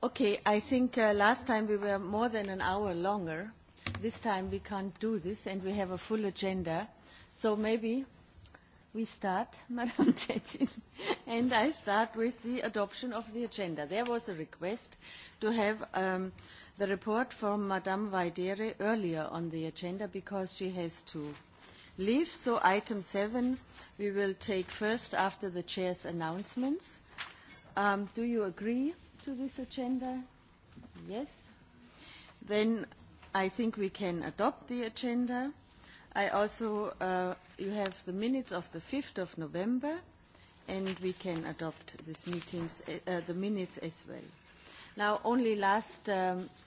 Okay, I think last time we were more than an hour longer. This time we can't do this, and we have a full agenda. So maybe we start, Madam Chechin, and I start with the adoption of the agenda. There was a request to have the report from Madame Vaidere earlier on the agenda because she has to leave. So item seven we will take first after the chair's announcements. Do you agree? to this agenda? Yes. Then I think we can adopt the agenda. I also, you have the minutes of the 5th of November, and we can adopt this meetings, the minutes as well. Now, only last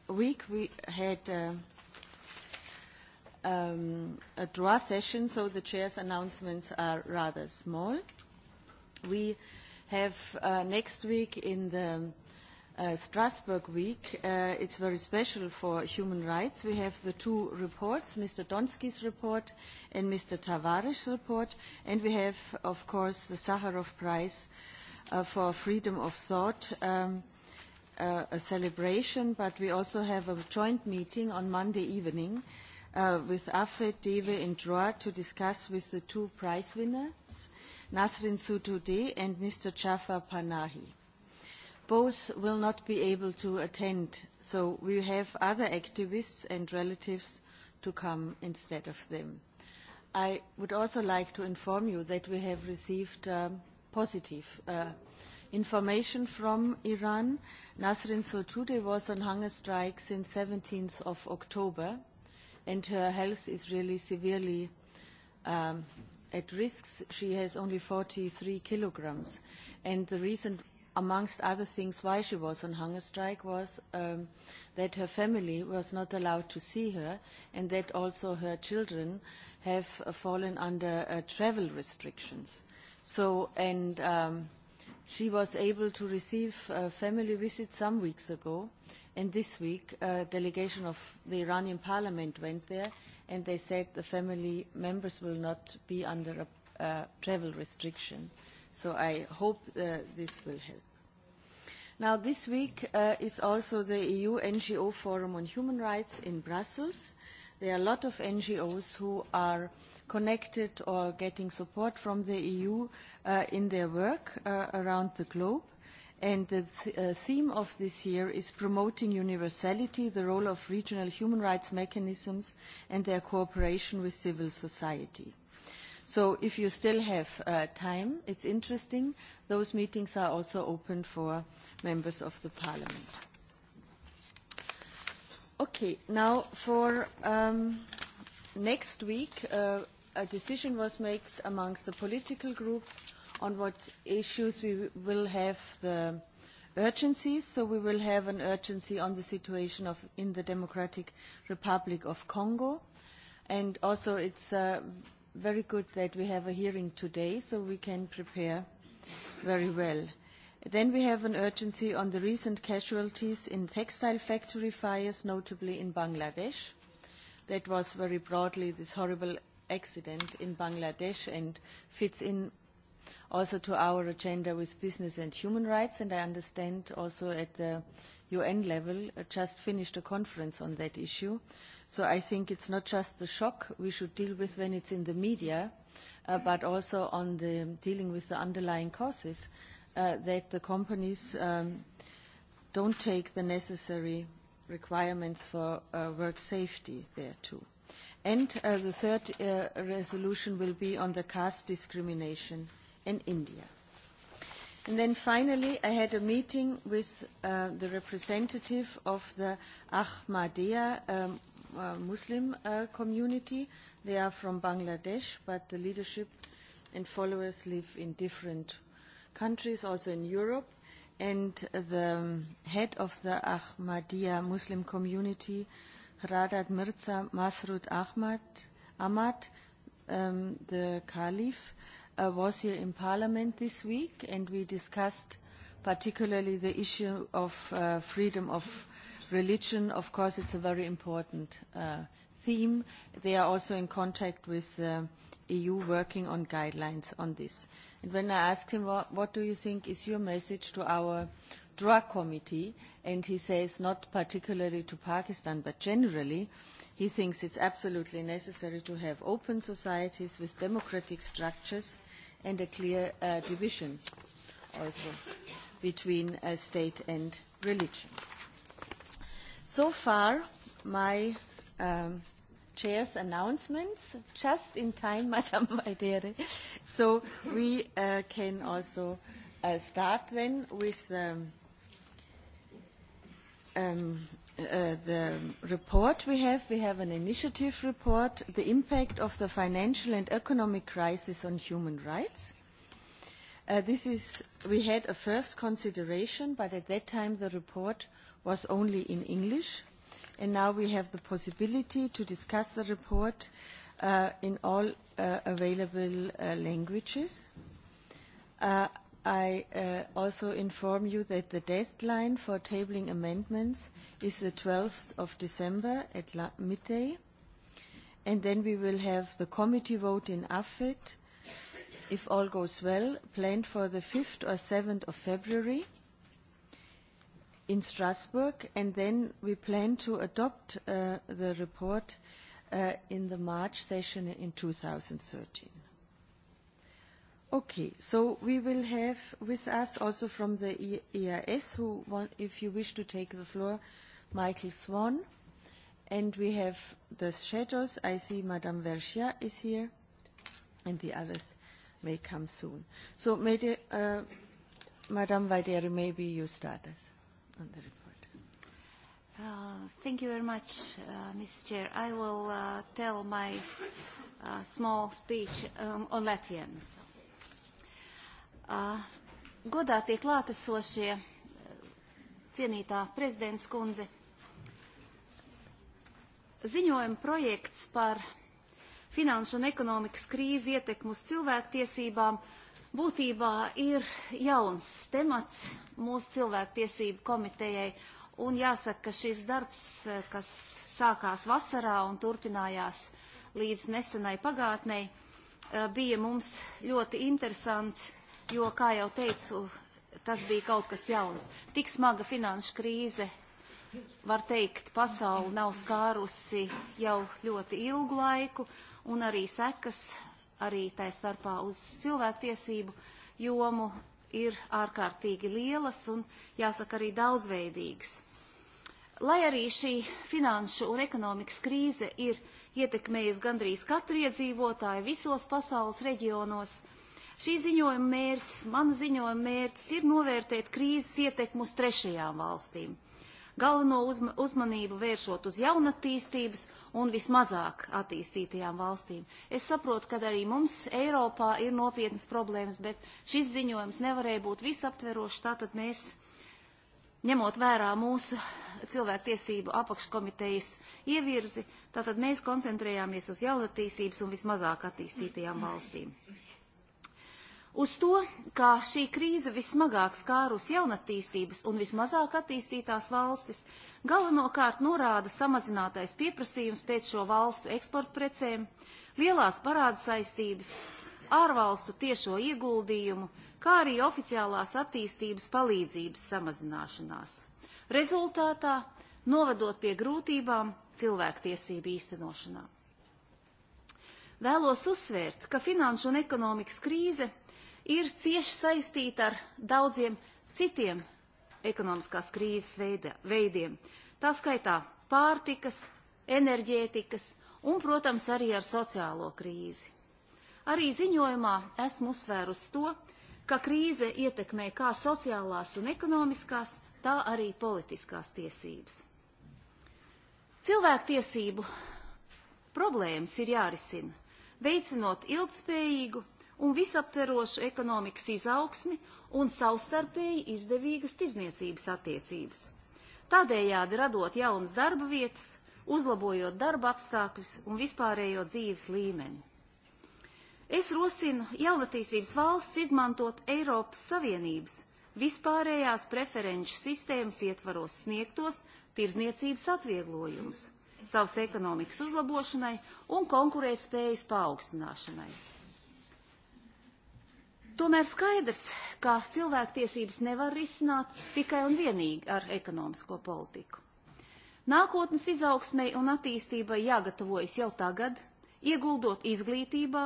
week we had a draw session, so the chair's announcements are rather small. We have next week in the Strasbourg Week. It's very special for human rights. We have the two reports, Mr. Donsky's report and Mr. Tavares' report, and we have, of course, the Sakharov Prize for freedom of thought, a celebration, but we also have a joint meeting on Monday evening with AFET, Deve and DROA to discuss with the two prize winners, Nasrin Sotoudeh and Mr. Jafar Panahi both will not be able to attend, so we have other activists and relatives to come instead of them. I would also like to inform you that we have received positive information from Iran. Nasrin Sotoudeh was on hunger strike since 17th of October, and her health is really severely at risk. She has only 43 kilograms, and the recent amongst other things, why she was on hunger strike was that her family was not allowed to see her and that also her children have fallen under travel restrictions. So, and she was able to receive a family visit some weeks ago, and this week a delegation of the Iranian parliament went there, and they said the family members will not be under a travel restriction. So I hope this will help. Now, this week is also the EU NGO Forum on Human Rights in Brussels. There are a lot of NGOs who are connected or getting support from the EU in their work around the globe. And the theme of this year is promoting universality, the role of regional human rights mechanisms and their cooperation with civil society. So if you still have time, it's interesting. Those meetings are also open for members of the Parliament. Okay, now for next week, a decision was made amongst the political groups on what issues we will have the urgencies. So we will have an urgency on the situation in the Democratic Republic of Congo. And also it's very good that we have a hearing today so we can prepare very well. Then we have an urgency on the recent casualties in textile factory fires, notably in Bangladesh. That was very broadly this horrible accident in Bangladesh and fits in also to our agenda with business and human rights, and I understand also at the UN level just finished a conference on that issue. So I think it's not just the shock we should deal with when it's in the media, but also on the dealing with the underlying causes that the companies don't take the necessary requirements for work safety there too. And the third resolution will be on the caste discrimination in India. And then finally, I had a meeting with the representative of the Ahmadiyya Muslim community. They are from Bangladesh, but the leadership and followers live in different countries, also in Europe. And the head of the Ahmadiyya Muslim community, Radat Mirza Masrud Ahmad, Ahmad, the Caliph, was here in Parliament this week, and we discussed particularly the issue of freedom of religion, of course, it's a very important theme. They are also in contact with the EU working on guidelines on this. And when I asked him, what do you think is your message to our drug committee, and he says not particularly to Pakistan, but generally, he thinks it's absolutely necessary to have open societies with democratic structures and a clear division also between state and religion. So far, my chair's announcements, just in time, Madame Maidere. So we can also start then with the report we have. We have an initiative report, the impact of the financial and economic crisis on human rights. This is, we had a first consideration, but at that time the report was only in English, and now we have the possibility to discuss the report in all available languages. I also inform you that the deadline for tabling amendments is the 12th of December at midday, and then we will have the committee vote in AFIT if all goes well, planned for the 5th or 7th of February in Strasbourg, and then we plan to adopt the report in the March session in 2013. Okay, so we will have with us also from the EIS, who, if you wish to take the floor, Michael Swan. And we have the shadows. I see Madame Vergia is here, and the others may come soon. So, Madame Vaidere, maybe you start us on the report. Thank you very much, Mr. Chair. I will uh tell my small speech on Latvian. tie klātesošie, cienītā prezidents kundze, ziņojuma projekts par finanšu un ekonomikas krīzi ietekmu uz cilvēktiesībām būtībā ir jauns temats mūsu cilvēktiesību komitejai, un jāsaka, ka šis darbs, kas sākās vasarā un turpinājās līdz nesenai pagātnei, bija mums ļoti interesants, jo, kā jau teicu, tas bija kaut kas jauns. Tik smaga finanšu krīze, var teikt, pasauli nav skārusi jau ļoti ilgu laiku, un arī sekas arī tai starpā uz cilvēktiesību jomu ir ārkārtīgi lielas un, jāsaka, arī daudzveidīgas. Lai arī šī finanšu un ekonomikas krīze ir ietekmējusi gandrīz katru iedzīvotāju visos pasaules reģionos, šī ziņojuma mērķis, mana ziņojuma mērķis ir novērtēt krīzes ietekmu uz trešajām valstīm – galveno uzmanību vēršot uz jaunatīstības un vismazāk attīstītajām valstīm. Es saprotu, ka arī mums Eiropā ir nopietnas problēmas, bet šis ziņojums nevarēja būt visaptverošs, tātad mēs ņemot vērā mūsu cilvēktiesību apakškomitejas ievirzi, tātad mēs koncentrējāmies uz jaunatīstības un vismazāk attīstītajām valstīm uz to, kā šī krīze vismagāk skārus jaunatīstības un vismazāk attīstītās valstis, galvenokārt norāda samazinātais pieprasījums pēc šo valstu eksportprecēm, lielās parāda saistības, ārvalstu tiešo ieguldījumu, kā arī oficiālās attīstības palīdzības samazināšanās. Rezultātā novedot pie grūtībām cilvēktiesību īstenošanā. Vēlos uzsvērt, ka finanšu un ekonomikas krīze – ir cieši saistīta ar daudziem citiem ekonomiskās krīzes veidiem. Tā skaitā pārtikas, enerģētikas un, protams, arī ar sociālo krīzi. Arī ziņojumā esmu uzsvērusi to, ka krīze ietekmē kā sociālās un ekonomiskās, tā arī politiskās tiesības. Cilvēktiesību problēmas ir jārisina, veicinot ilgtspējīgu un visaptverošu ekonomikas izaugsmi un savstarpēji izdevīgas tirdzniecības attiecības, tādējādi radot jaunas darba vietas, uzlabojot darba apstākļus un vispārējo dzīves līmeni. Es rosinu jaunatīstības valsts izmantot Eiropas Savienības vispārējās preferenču sistēmas ietvaros sniegtos tirdzniecības atvieglojumus savas ekonomikas uzlabošanai un konkurētspējas paaugstināšanai. Tomēr skaidrs, ka cilvēktiesības nevar risināt tikai un vienīgi ar ekonomisko politiku. Nākotnes izaugsmei un attīstībai jāgatavojas jau tagad, ieguldot izglītībā,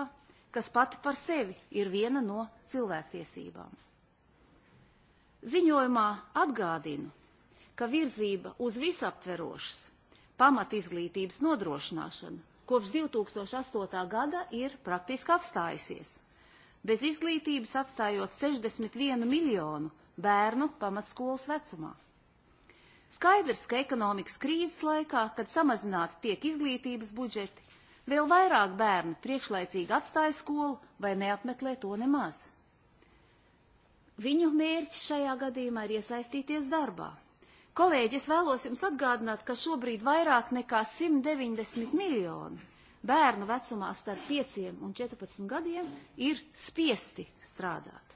kas pati par sevi ir viena no cilvēktiesībām. Ziņojumā atgādinu, ka virzība uz visaptverošas pamatizglītības nodrošināšanu kopš 2008. gada ir praktiski apstājusies bez izglītības atstājot 61 miljonu bērnu pamatskolas vecumā. Skaidrs, ka ekonomikas krīzes laikā, kad samazināti tiek izglītības budžeti, vēl vairāk bērnu priekšlaicīgi atstāja skolu vai neapmeklē to nemaz. Viņu mērķis šajā gadījumā ir iesaistīties darbā. Kolēģi, es vēlos jums atgādināt, ka šobrīd vairāk nekā 190 miljoni bērnu vecumā starp 5 un 14 gadiem ir spiesti strādāt.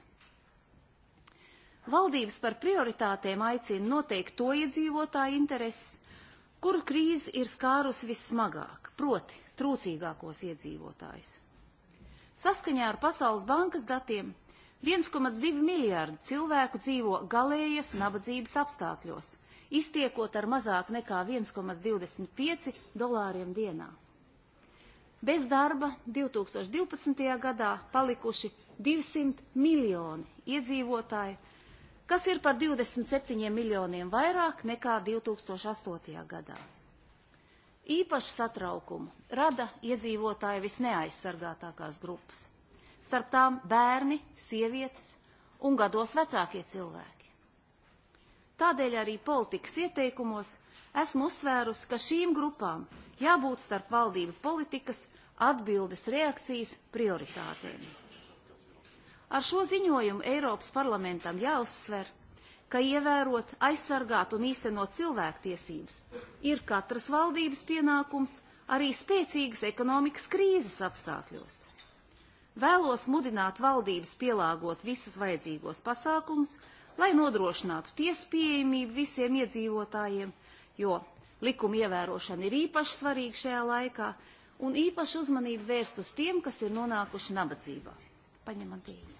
Valdības par prioritātēm aicina noteikt to iedzīvotāju intereses, kuru krīze ir skārus vissmagāk, proti trūcīgākos iedzīvotājus. Saskaņā ar Pasaules bankas datiem 1,2 miljārdi cilvēku dzīvo galējas nabadzības apstākļos, iztiekot ar mazāk nekā 1,25 dolāriem dienā bez darba 2012. gadā palikuši 200 miljoni iedzīvotāji, kas ir par 27 miljoniem vairāk nekā 2008. gadā. Īpašu satraukumu rada iedzīvotāji visneaizsargātākās grupas, starp tām bērni, sievietes un gados vecākie cilvēki. Tādēļ arī politikas ieteikumos esmu uzsvērusi, ka šīm grupām jābūt starp valdību politikas, atbildes reakcijas prioritātēm. Ar šo ziņojumu Eiropas parlamentam jāuzsver, ka ievērot, aizsargāt un īstenot cilvēktiesības ir katras valdības pienākums arī spēcīgas ekonomikas krīzes apstākļos. Vēlos mudināt valdības pielāgot visus vajadzīgos pasākumus, lai nodrošinātu tiesu pieejamību visiem iedzīvotājiem, jo likuma ievērošana ir īpaši svarīga šajā laikā un īpaši uzmanību vērst uz tiem, kas ir nonākuši nabadzībā. Paņemam tīņu.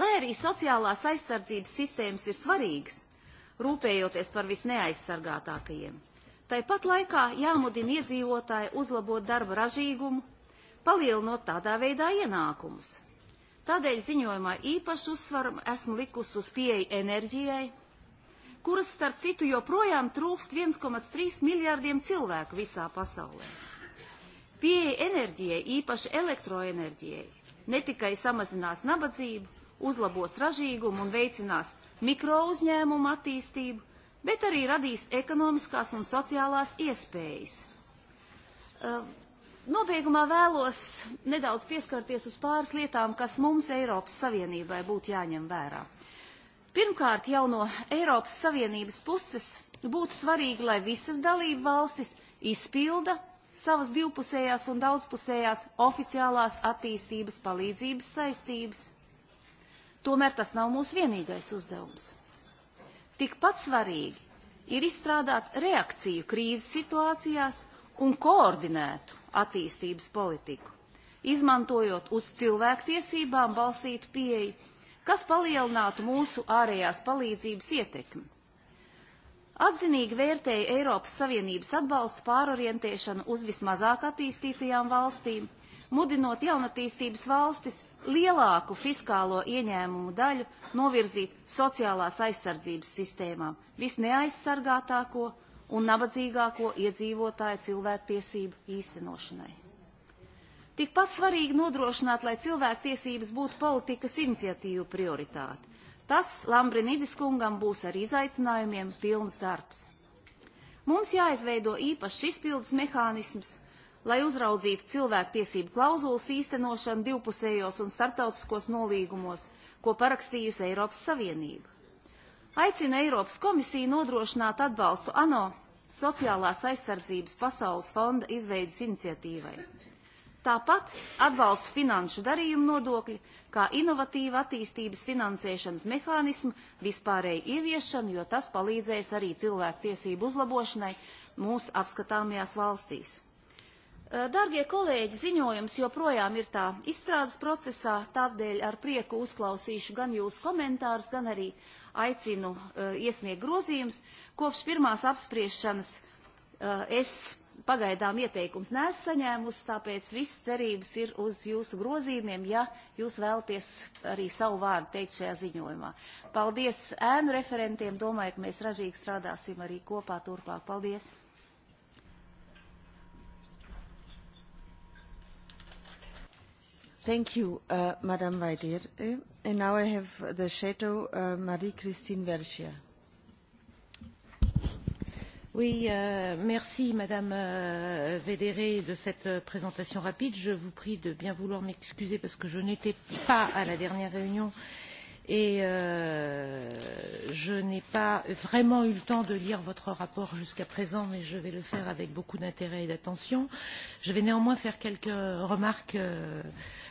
Lai arī sociālās aizsardzības sistēmas ir svarīgas, rūpējoties par visneaizsargātākajiem, tāpat laikā jāmudina iedzīvotāji uzlabot darba ražīgumu, palielinot tādā veidā ienākumus. Tādēļ ziņojumā īpašu uzsvaru esmu likusi uz pieeju enerģijai, kuras, starp citu, joprojām trūkst 1,3 miljārdiem cilvēku visā pasaulē. Pieeja enerģijai, īpaši elektroenerģijai, ne tikai samazinās nabadzību, uzlabos ražīgumu un veicinās mikrouzņēmumu attīstību, bet arī radīs ekonomiskās un sociālās iespējas. Nobeigumā vēlos nedaudz pieskarties uz pāris lietām, kas mums Eiropas Savienībai būtu jāņem vērā. Pirmkārt, jau no Eiropas Savienības puses būtu svarīgi, lai visas dalība valstis izpilda savas divpusējās un daudzpusējās oficiālās attīstības palīdzības saistības. Tomēr tas nav mūsu vienīgais uzdevums. Tikpat svarīgi ir izstrādāt reakciju krīzes situācijās un koordinētu attīstības politiku, izmantojot uz cilvēktiesībām balstītu pieeju kas palielinātu mūsu ārējās palīdzības ietekmi. Atzinīgi vērtēja Eiropas Savienības atbalsta pārorientēšanu uz vismazāk attīstītajām valstīm, mudinot jaunatīstības valstis lielāku fiskālo ieņēmumu daļu novirzīt sociālās aizsardzības sistēmām, visneaizsargātāko un nabadzīgāko iedzīvotāju cilvēktiesību īstenošanai. Tikpat svarīgi nodrošināt, lai cilvēktiesības būtu politikas iniciatīvu prioritāte. Tas Lambrinidis kungam būs ar izaicinājumiem pilns darbs. Mums jāizveido īpašs izpildes mehānisms, lai uzraudzītu cilvēktiesību klauzulas īstenošanu divpusējos un starptautiskos nolīgumos, ko parakstījusi Eiropas Savienība. Aicinu Eiropas komisiju nodrošināt atbalstu ANO sociālās aizsardzības pasaules fonda izveidas iniciatīvai. Tāpat atbalstu finanšu darījumu nodokļi, kā inovatīva attīstības finansēšanas mehānismu vispārēju ieviešanu, jo tas palīdzēs arī cilvēku tiesību uzlabošanai mūsu apskatāmajās valstīs. Dargie kolēģi, ziņojums joprojām ir tā izstrādes procesā, tādēļ ar prieku uzklausīšu gan jūsu komentārus, gan arī aicinu iesniegt grozījumus. Kopš pirmās apspriešanas es pagaidām ieteikums nesu tāpēc viss cerības ir uz jūsu grozījumiem, ja jūs vēlaties arī savu vārdu teikt šajā ziņojumā. Paldies ēnu referentiem, domāju, ka mēs ražīgi strādāsim arī kopā turpāk. Paldies! Thank you, Madam Vaidir. And now I have the shadow, Marie-Christine merci Madame Védéré de cette présentation rapide. Je vous prie de bien vouloir m'excuser parce que je n'étais pas à la dernière réunion et je n'ai pas vraiment eu le temps de lire votre rapport jusqu'à présent, mais je vais le faire avec beaucoup d'intérêt et d'attention. Je vais néanmoins faire quelques remarques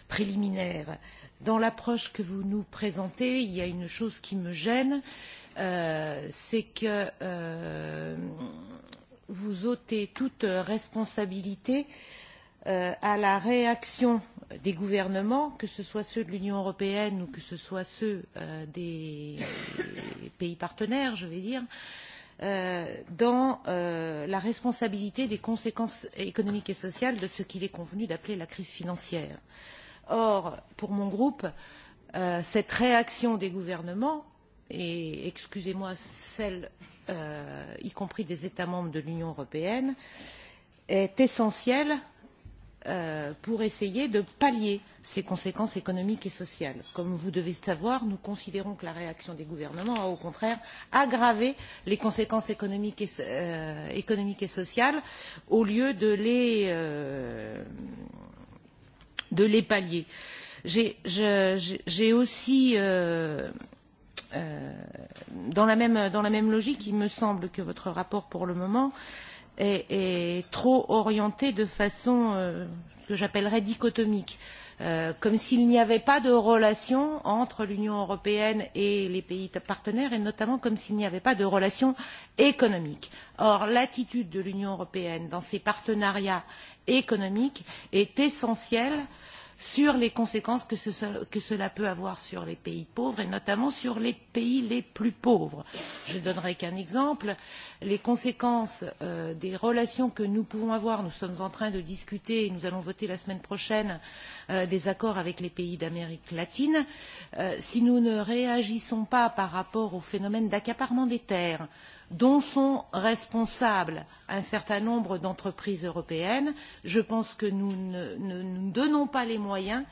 préliminaires. Dans l'approche que vous nous présentez, il y a une chose qui me gêne c'est que vous ôtez toute responsabilité à la réaction des gouvernements, que ce soit ceux de l'Union européenne ou que ce soit ceux des pays partenaires, je vais dire, dans la responsabilité des conséquences économiques et sociales de ce qu'il est convenu d'appeler la crise financière. Or, pour mon groupe, cette réaction des gouvernements et excusez-moi celle y compris des États membres de l'Union européenne, est essentielle pour essayer de pallier ces conséquences économiques et sociales. Comme vous devez savoir, nous considérons que la réaction des gouvernements a, au contraire, aggravé les conséquences économiques et sociales au lieu de les pallier. J'ai aussi dans la même logique, il me semble que votre rapport, pour le moment, est trop orienté de façon que j'appellerais dichotomique, comme s'il n'y avait pas de relation entre l'Union européenne et les pays partenaires, et notamment comme s'il n'y avait pas de relation économique. Or, l'attitude de l'Union européenne dans ces partenariats économiques est essentielle sur les conséquences que cela peut avoir sur les pays pauvres et notamment sur les pays les plus pauvres. Je ne donnerai qu'un exemple. Les conséquences des relations que nous pouvons avoir, nous sommes en train de discuter et nous allons voter la semaine prochaine des accords avec les pays d'Amérique latine. Si nous ne réagissons pas par rapport au phénomène d'accaparement des terres, dont sont responsables un certain nombre d'entreprises européennes, je pense que nous ne nous donnons pas les moyens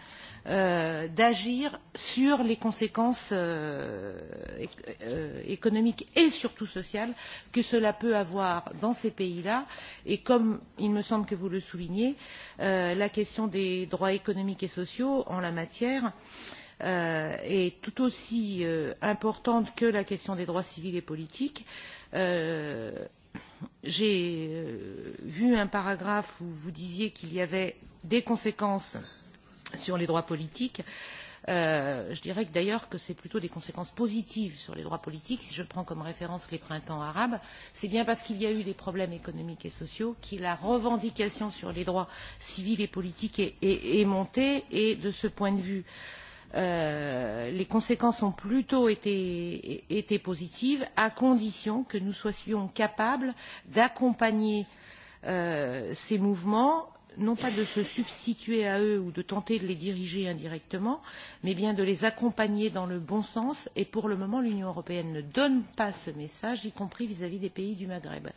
d'agir sur les conséquences économiques et surtout sociales que cela peut avoir dans ces pays-là. Et comme il me semble que vous le soulignez, la question des droits économiques et sociaux en la matière est tout aussi importante que la question des droits civils et politiques J'ai vu un paragraphe où vous disiez qu'il y avait des conséquences sur les droits politiques. Je dirais d'ailleurs que c'est plutôt des conséquences positives sur les droits politiques. Si je prends comme référence les printemps arabes, c'est bien parce qu'il y a eu des problèmes économiques et sociaux que la revendication sur les droits civils et politiques est montée. Et de ce point de vue, les conséquences ont plutôt été positives, à condition que nous soyons capables d'accompagner ces mouvements non pas de se substituer à eux ou de tenter de les diriger indirectement, mais bien de les accompagner dans le bon sens. Et pour le moment, l'Union européenne ne donne pas ce message, y compris vis-à-vis des pays du Maghreb.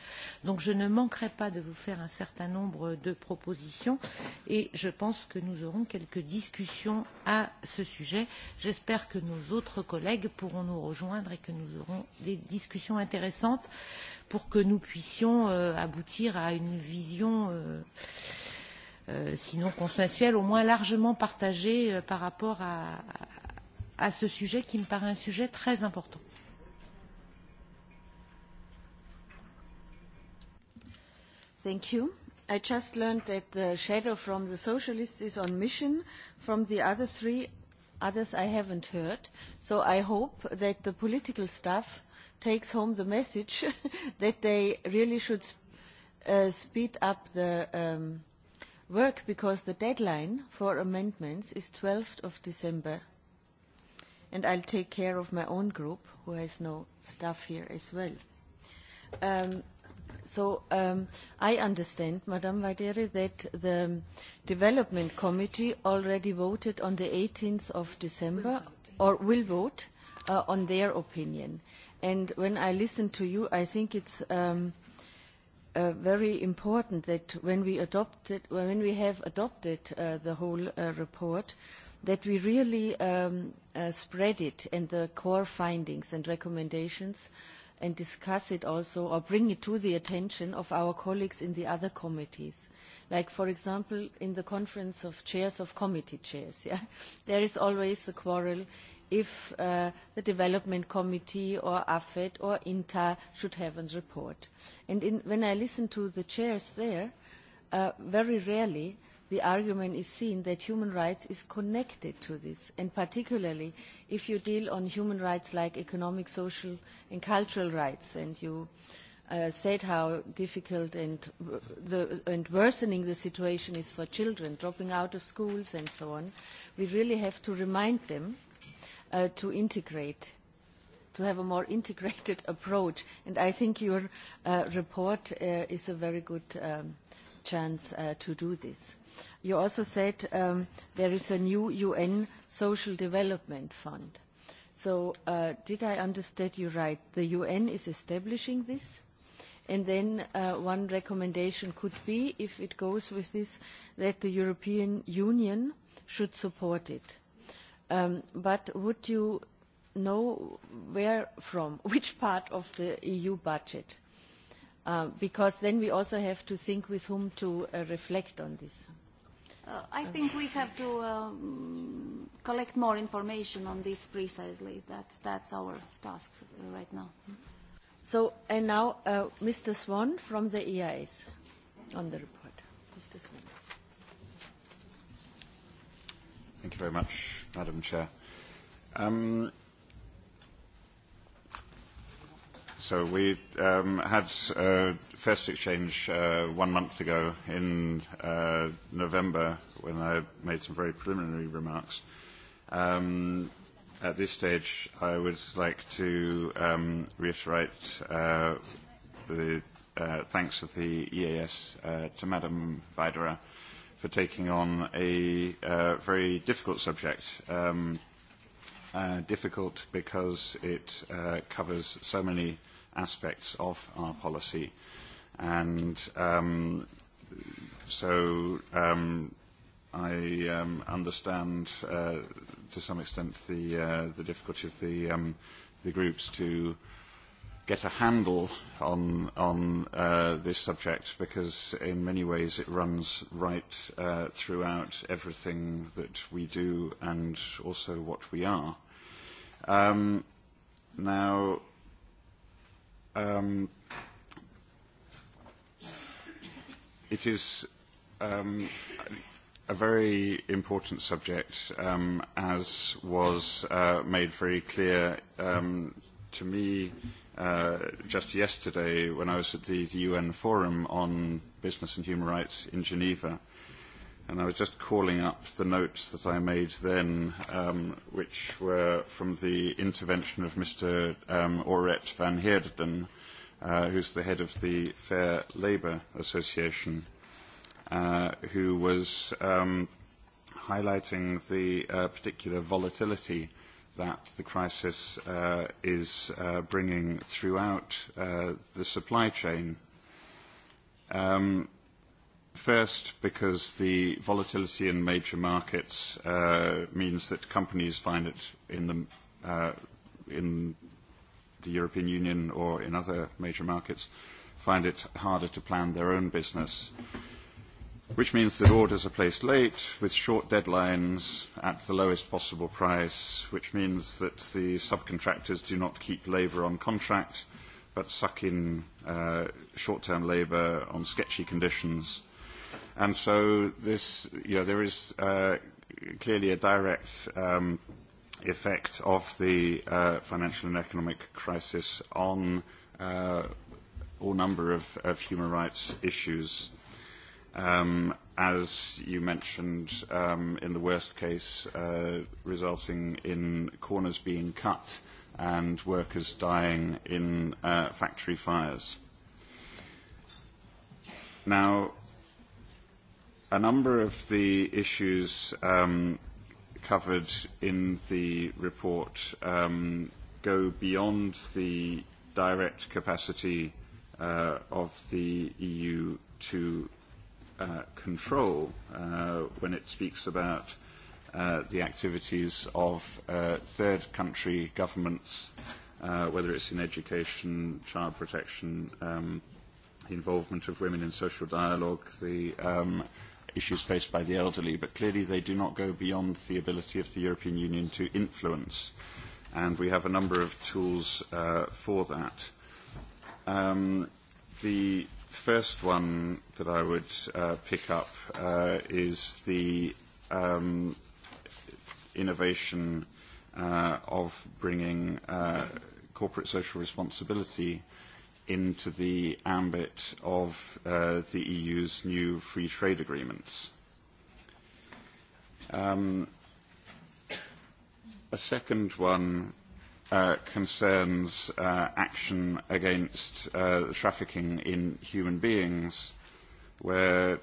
Donc je ne manquerai pas de vous faire un certain nombre de propositions et je pense que nous aurons quelques discussions à ce sujet. J'espère que nos autres collègues pourront nous rejoindre et que nous aurons des discussions intéressantes pour que nous puissions aboutir à une vision sinon consensuel, au moins largement partagé par rapport à ce sujet qui me paraît un sujet très important. Thank you. I just learned that the shadow from the Socialists is on mission. From the other three, others I haven't heard. So I hope that the political staff takes home the message that they really should speed up the work because the deadline for amendments is 12th of December. And I'll take care of my own group, who has no staff here as well. So I understand, Madam Vaidere, that the Development Committee already voted on the 18th of December, or will vote, on their opinion. And when I listen to you, I think it's very important that when we adopted when we have adopted the whole report that we really spread it and the core findings and recommendations and discuss it also or bring it to the attention of our colleagues in the other committees like for example in the conference of chairs of committee chairs there is always a quarrel if the Development Committee or AFET or INTA should have a report. And when I listen to the chairs there, very rarely the argument is seen that human rights is connected to this, and particularly if you deal on human rights like economic, social and cultural rights, and you said how difficult and worsening the situation is for children, dropping out of schools and so on, we really have to remind them to integrate, to have a more integrated approach. And I think your report is a very good chance to do this. You also said there is a new UN Social Development Fund. So did I understand you right? The UN is establishing this, and then one recommendation could be, if it goes with this, that the European Union should support it. But would you know where from, which part of the EU budget? Because then we also have to think with whom to reflect on this. I think we have to collect more information on this precisely. That's our task right now. So, and now Mr. Swan from the EIS on the report. Mr. Thank you very much, Madam Chair. So we had a first exchange one month ago in November when I made some very preliminary remarks. At this stage, I would like to reiterate the thanks of the EAS to Madam Videra for taking on a very difficult subject. Difficult because it covers so many aspects of our policy. And so I understand to some extent the the difficulty of the groups to get a handle on on this subject because in many ways it runs right throughout everything that we do and also what we are. Now it is a very important subject as was made very clear to me just yesterday when I was at the UN Forum on Business and Human Rights in Geneva. And I was just calling up the notes that I made then, which were from the intervention of Mr. Auret van Heerden, who's the head of the Fair Labour Association, who was highlighting the particular volatility that the crisis is bringing throughout the supply chain. First, because the volatility in major markets means that companies find it in the European Union or in other major markets find it harder to plan their own business which means that orders are placed late with short deadlines at the lowest possible price, which means that the subcontractors do not keep labour on contract but suck in short-term labour on sketchy conditions. And so this, there is clearly a direct effect of the financial and economic crisis on all number of human rights issues as you mentioned, in the worst case, resulting in corners being cut and workers dying in factory fires. Now, a number of the issues covered in the report go beyond the direct capacity of the EU to control when it speaks about the activities of third country governments, whether it's in education, child protection, involvement of women in social dialogue, the issues faced by the elderly, but clearly they do not go beyond the ability of the European Union to influence, and we have a number of tools for that. The The first one that I would pick up is the innovation of bringing corporate social responsibility into the ambit of the EU's new free trade agreements. A second one concerns action against trafficking in human beings, where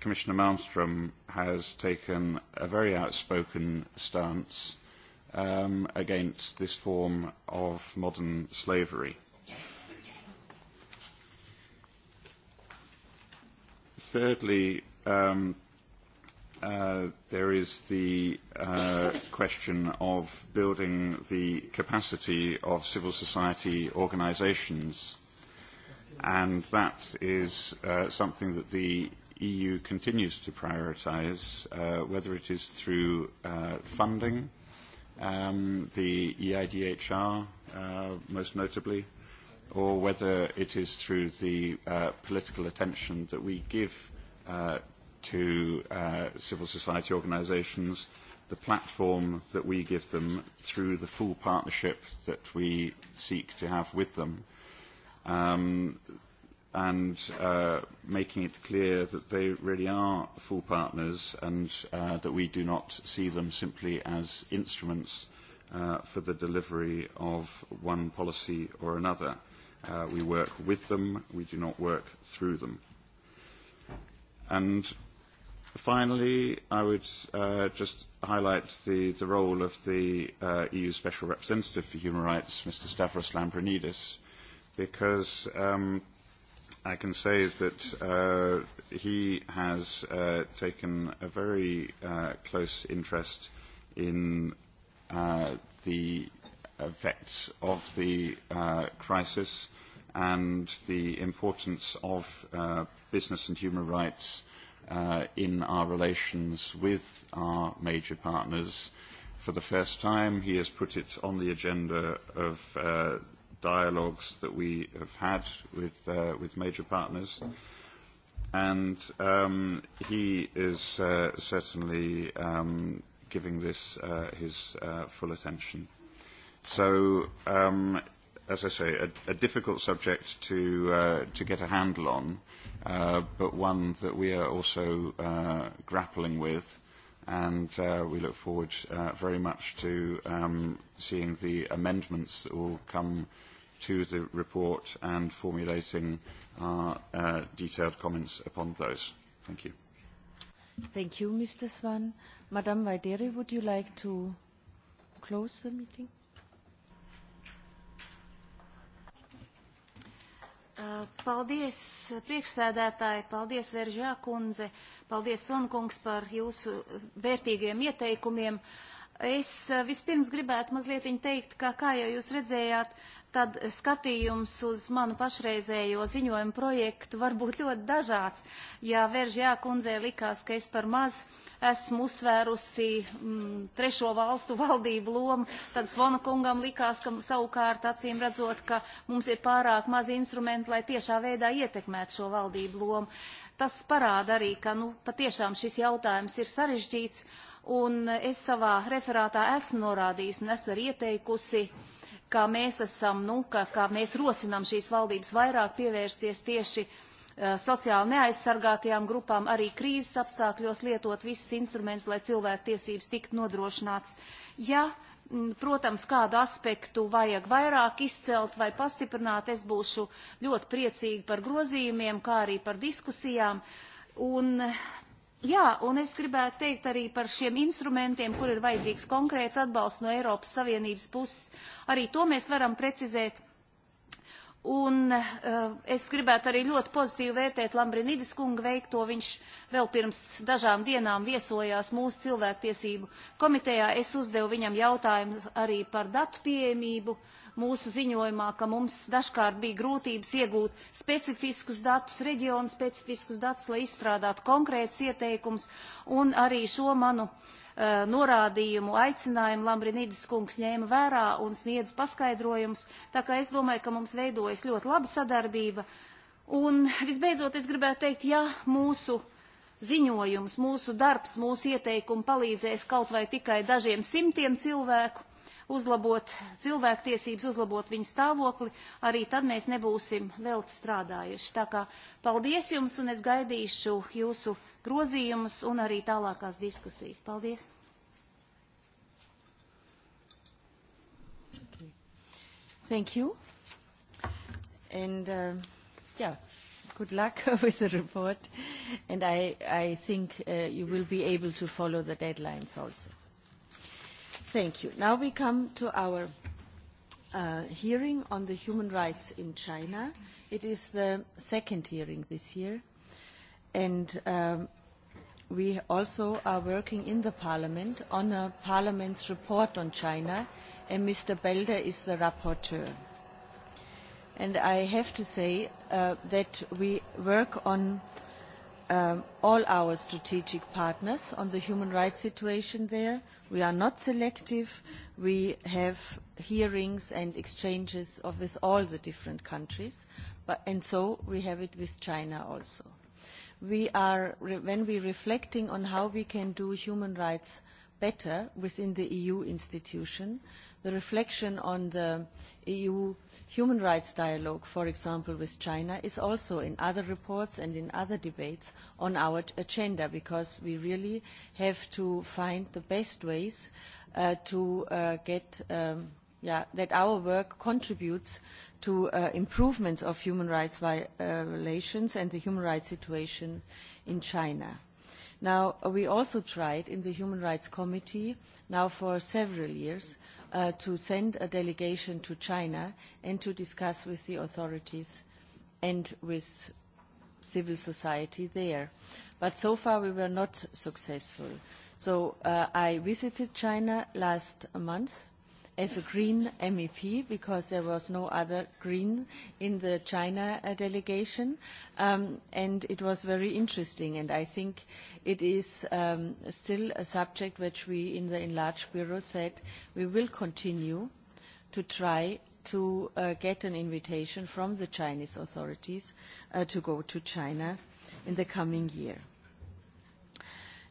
Commissioner Malmström has taken a very outspoken stance against this form of modern slavery. Thirdly, there is the question of building the capacity of civil society organisations, and that is something that the EU continues to prioritise, whether it is through funding, the EIDHR most notably, or whether it is through the political attention that we give to civil society organisations, the platform that we give them through the full partnership that we seek to have with them, and making it clear that they really are full partners and that we do not see them simply as instruments for the delivery of one policy or another. We work with them, we do not work through them. And Finally, I would just highlight the role of the EU Special Representative for Human Rights, Mr. Stavros Lambrinidis, because I can say that he has taken a very close interest in the effects of the crisis and the importance of business and human rights in our relations with our major partners. For the first time, he has put it on the agenda of dialogues that we have had with major partners. And he is certainly giving this his full attention. So, as I say, a difficult subject to get a handle on but one that we are also grappling with, and we look forward very much to seeing the amendments that will come to the report and formulating our detailed comments upon those. Thank you. Thank you, Mr. Swan. Madam Vaidere, would you like to close the meeting? Paldies, priekšsēdētāji, paldies, Veržā kundze, paldies, Sonkungs, par jūsu vērtīgiem ieteikumiem. Es vispirms gribētu mazliet teikt, ka, kā jau jūs redzējāt, tad skatījums uz manu pašreizējo ziņojumu projektu var būt ļoti dažāds. Ja Veržjā kundzē likās, ka es par maz esmu uzsvērusi trešo valstu valdību lomu, tad Svona kungam likās, ka savukārt acīm redzot, ka mums ir pārāk maz instrumentu, lai tiešā veidā ietekmētu šo valdību lomu. Tas parāda arī, ka nu, patiešām šis jautājums ir sarežģīts, un es savā referātā esmu norādījusi un esmu arī ieteikusi uh, kā mēs esam, nu, kā, kā mēs rosinām šīs valdības vairāk pievērsties tieši sociāli neaizsargātajām grupām, arī krīzes apstākļos lietot visus instrumentus, lai cilvēku tiesības tiktu nodrošināts. Ja Protams, kādu aspektu vajag vairāk izcelt vai pastiprināt, es būšu ļoti priecīgi par grozījumiem, kā arī par diskusijām. Un Jā, un es gribētu teikt arī par šiem instrumentiem, kur ir vajadzīgs konkrēts atbalsts no Eiropas Savienības puses. Arī to mēs varam precizēt. Un es gribētu arī ļoti pozitīvi vērtēt Lambrinidis kunga veikto. Viņš vēl pirms dažām dienām viesojās mūsu cilvēktiesību komitejā. Es uzdevu viņam jautājumu arī par datu pieejamību mūsu ziņojumā, ka mums dažkārt bija grūtības iegūt specifiskus datus, reģionu specifiskus datus, lai izstrādātu konkrētus ieteikumus, un arī šo manu norādījumu, aicinājumu Lambrinidis kungs ņēma vērā un sniedz paskaidrojumus, tā kā es domāju, ka mums veidojas ļoti laba sadarbība. Un visbeidzot, es gribētu teikt, ja mūsu ziņojums, mūsu darbs, mūsu ieteikumi palīdzēs kaut vai tikai dažiem simtiem cilvēku, uzlabot cilvēktiesības, uzlabot viņu stāvokli, arī tad mēs nebūsim vēl strādājuši. Tā kā paldies jums un es gaidīšu jūsu grozījumus un arī tālākās diskusijas. Paldies! Thank you. And yeah, good luck with the report. And I think you will be able to follow the deadlines also. Thank you. Now we come to our hearing on the human rights in China. It is the second hearing this year, and we also are working in the Parliament on a Parliament's report on China, and Mr. Belder is the rapporteur. And I have to say that we work on all our strategic partners on the human rights situation there. We are not selective. We have hearings and exchanges with all the different countries, and so we have it with China also. We are, When we are reflecting on how we can do human rights better within the EU institution. The reflection on the EU human rights dialogue, for example, with China, is also in other reports and in other debates on our agenda because we really have to find the best ways to get that our work contributes to improvements of human rights violations and the human rights situation in China. Now, we also tried in the Human Rights Committee now for several years to send a delegation to China and to discuss with the authorities and with civil society there. But so far we were not successful. So I visited China last month as a green MEP because there was no other green in the China delegation and it was very interesting and I think it is still a subject which we in the enlarged bureau said we will continue to try to get an invitation from the Chinese authorities to go to China in the coming year.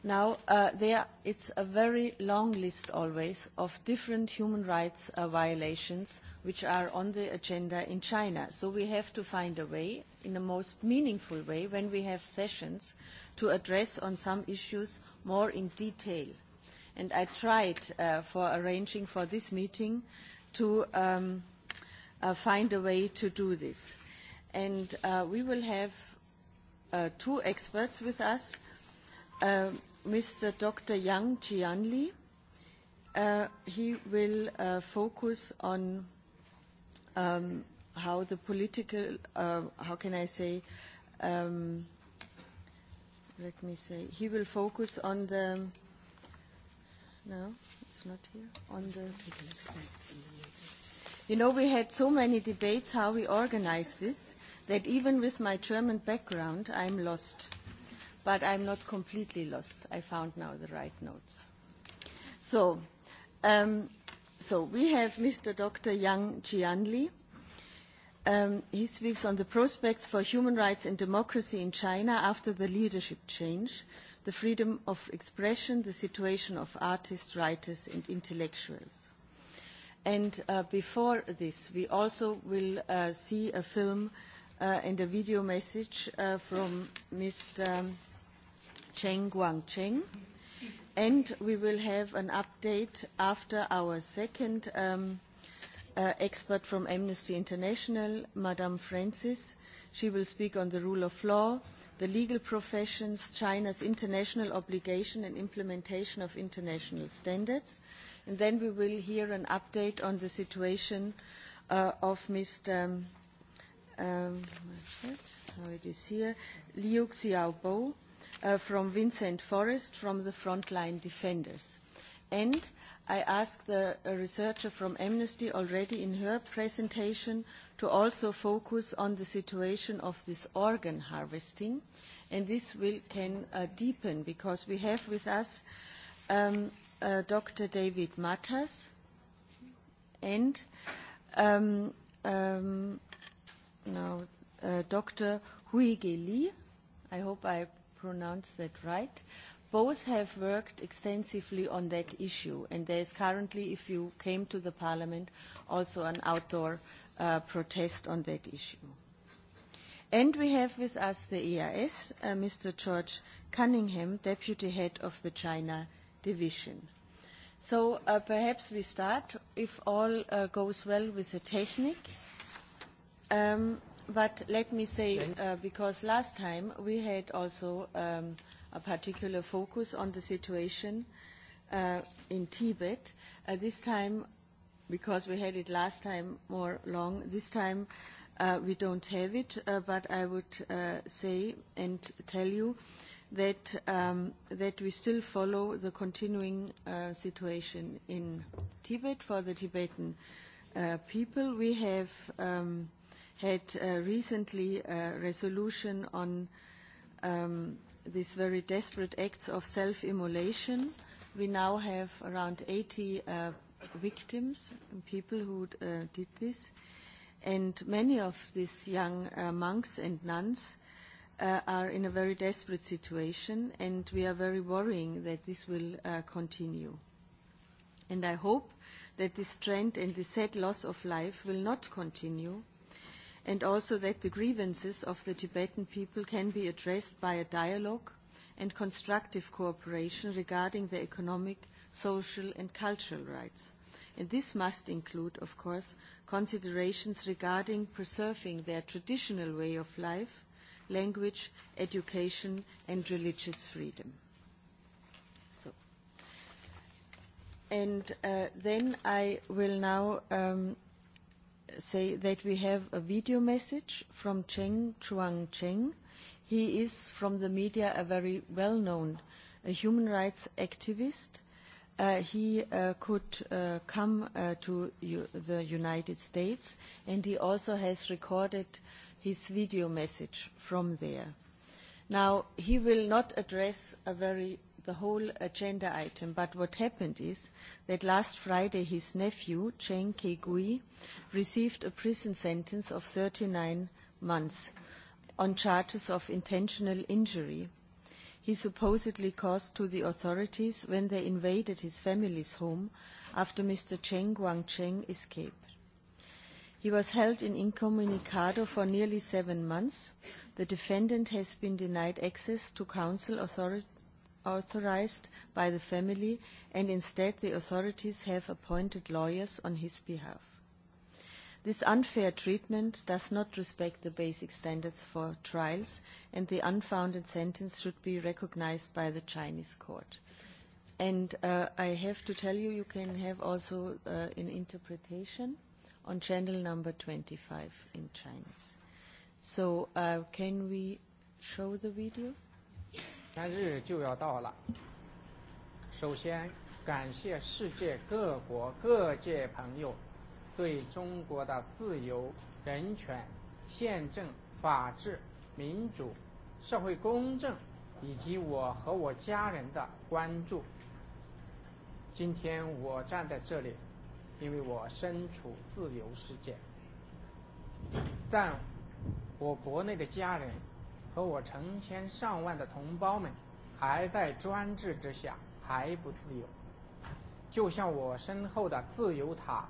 Now, there it's a very long list always of different human rights violations which are on the agenda in China. So we have to find a way, in the most meaningful way, when we have sessions, to address on some issues more in detail. And I tried for arranging for this meeting to find a way to do this. And we will have two experts with us Mr. Dr. Yang Jianli. He will focus on how the political, how can I say, let me say, he will focus on the, no, it's not here, on the, you know, we had so many debates how we organize this that even with my German background, I'm lost but I'm not completely lost. I found now the right notes. So, so we have Mr. Dr. Yang Jianli. He speaks on the prospects for human rights and democracy in China after the leadership change, the freedom of expression, the situation of artists, writers and intellectuals. And before this, we also will see a film and a video message from Mr. Cheng Guangcheng. And we will have an update after our second expert from Amnesty International, Madame Francis. She will speak on the rule of law, the legal professions, China's international obligation and implementation of international standards. And then we will hear an update on the situation of Mr. How it is here, Liu Xiaobo from Vincent Forrest from the Frontline Defenders. And I ask the researcher from Amnesty already in her presentation to also focus on the situation of this organ harvesting. And this can deepen because we have with us Dr. David Matas and Dr. Huige Li. I hope I pronounce that right. Both have worked extensively on that issue, and there is currently, if you came to the Parliament, also an outdoor protest on that issue. And we have with us the EIS, Mr. George Cunningham, Deputy Head of the China Division. So perhaps we start, if all goes well, with the technique. But let me say, because last time we had also a particular focus on the situation in Tibet. This time, because we had it last time more long, this time we don't have it, but I would say and tell you that that we still follow the continuing situation in Tibet for the Tibetan people. We have had recently a resolution on these very desperate acts of self-immolation. We now have around 80 victims people who did this. And many of these young monks and nuns are in a very desperate situation, and we are very worrying that this will continue. And I hope that this trend and the sad loss of life will not continue and also that the grievances of the Tibetan people can be addressed by a dialogue and constructive cooperation regarding their economic, social and cultural rights. And this must include, of course, considerations regarding preserving their traditional way of life, language, education and religious freedom. And then I will now say that we have a video message from Cheng Chuang Cheng. He is from the media a very well-known human rights activist. He could come to the United States and he also has recorded his video message from there. Now, he will not address a very the whole agenda item. But what happened is that last Friday his nephew, Cheng Ke Gui received a prison sentence of 39 months on charges of intentional injury. He supposedly caused to the authorities when they invaded his family's home after Mr. Cheng Guangcheng escaped. He was held in incommunicado for nearly seven months. The defendant has been denied access to counsel, authorized by the family and instead the authorities have appointed lawyers on his behalf. This unfair treatment does not respect the basic standards for trials and the unfounded sentence should be recognized by the Chinese court. And I have to tell you, you can have also an interpretation on channel number 25 in Chinese. So can we show the video? 全日就要到了，首先感谢世界各国各界朋友对中国的自由、人权、宪政、法治、民主、社会公正以及我和我家人的关注。今天我站在这里，因为我身处自由世界，但我国内的家人。和我成千上万的同胞们还在专制之下还不自由，就像我身后的自由塔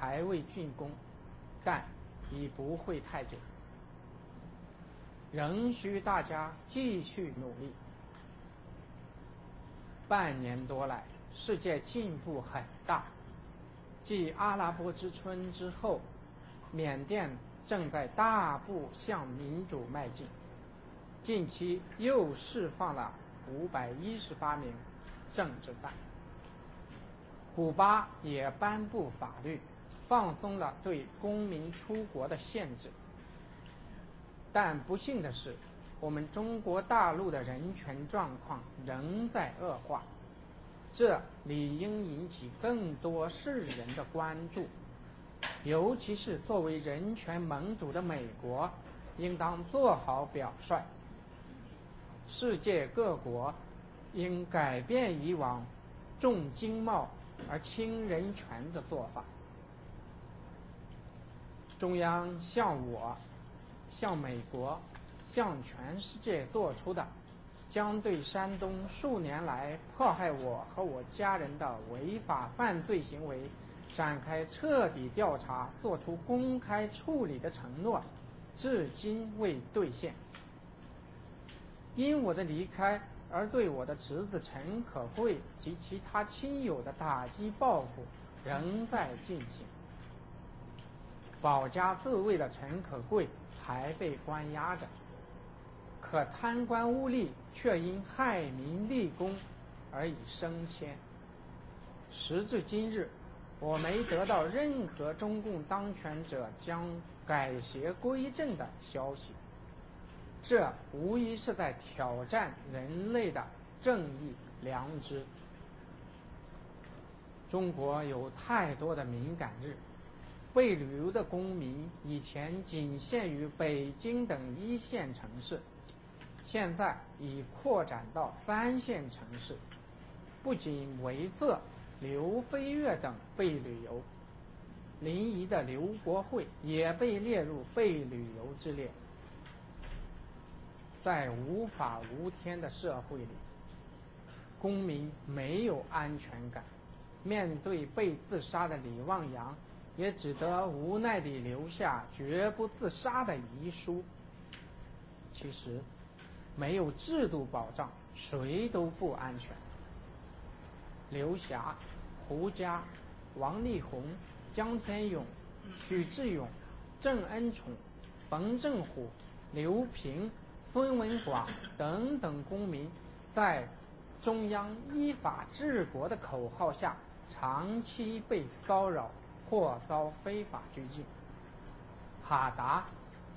还未竣工，但已不会太久。仍需大家继续努力。半年多来，世界进步很大。继阿拉伯之春之后，缅甸正在大步向民主迈进。近期又释放了五百一十八名政治犯。古巴也颁布法律，放松了对公民出国的限制。但不幸的是，我们中国大陆的人权状况仍在恶化，这理应引起更多世人的关注，尤其是作为人权盟主的美国，应当做好表率。世界各国应改变以往重经贸而轻人权的做法。中央向我、向美国、向全世界做出的，将对山东数年来迫害我和我家人的违法犯罪行为展开彻底调查，做出公开处理的承诺，至今未兑现。因我的离开而对我的侄子陈可慧及其他亲友的打击报复仍在进行。保家自卫的陈可贵还被关押着，可贪官污吏却因害民立功而已升迁。时至今日，我没得到任何中共当权者将改邪归正的消息。这无疑是在挑战人类的正义良知。中国有太多的敏感日，被旅游的公民以前仅限于北京等一线城市，现在已扩展到三线城市，不仅维策、刘飞跃等被旅游，临沂的刘国会也被列入被旅游之列。在无法无天的社会里，公民没有安全感，面对被自杀的李望洋，也只得无奈地留下“绝不自杀”的遗书。其实，没有制度保障，谁都不安全。刘霞、胡佳、王力宏、江天勇、许志勇、郑恩宠、冯正虎、刘平。孙文广等等公民，在中央依法治国的口号下，长期被骚扰或遭非法拘禁。哈达、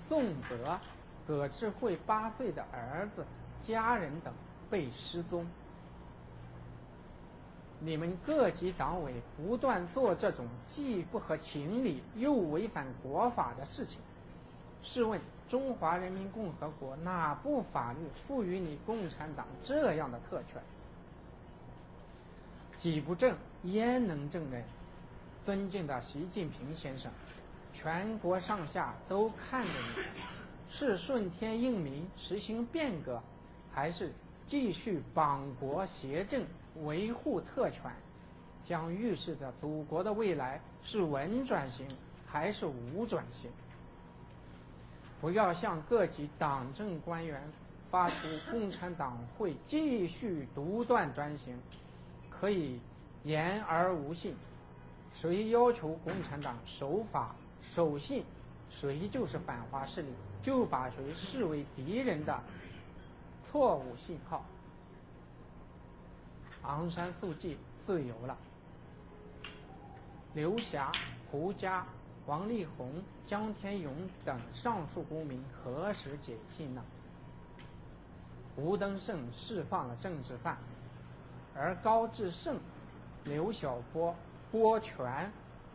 宋德、葛智慧八岁的儿子家人等被失踪。你们各级党委不断做这种既不合情理又违反国法的事情，试问？中华人民共和国哪部法律赋予你共产党这样的特权？己不正，焉能正人？尊敬的习近平先生，全国上下都看着你，是顺天应民实行变革，还是继续绑国挟政、维护特权？将预示着祖国的未来是稳转型还是无转型。不要向各级党政官员发出共产党会继续独断专行，可以言而无信。谁要求共产党守法守信，谁就是反华势力，就把谁视为敌人的错误信号。昂山素季自由了，刘霞、胡佳王力宏、江天勇等上述公民何时解禁呢？胡登盛释放了政治犯，而高志胜、刘晓波、郭全、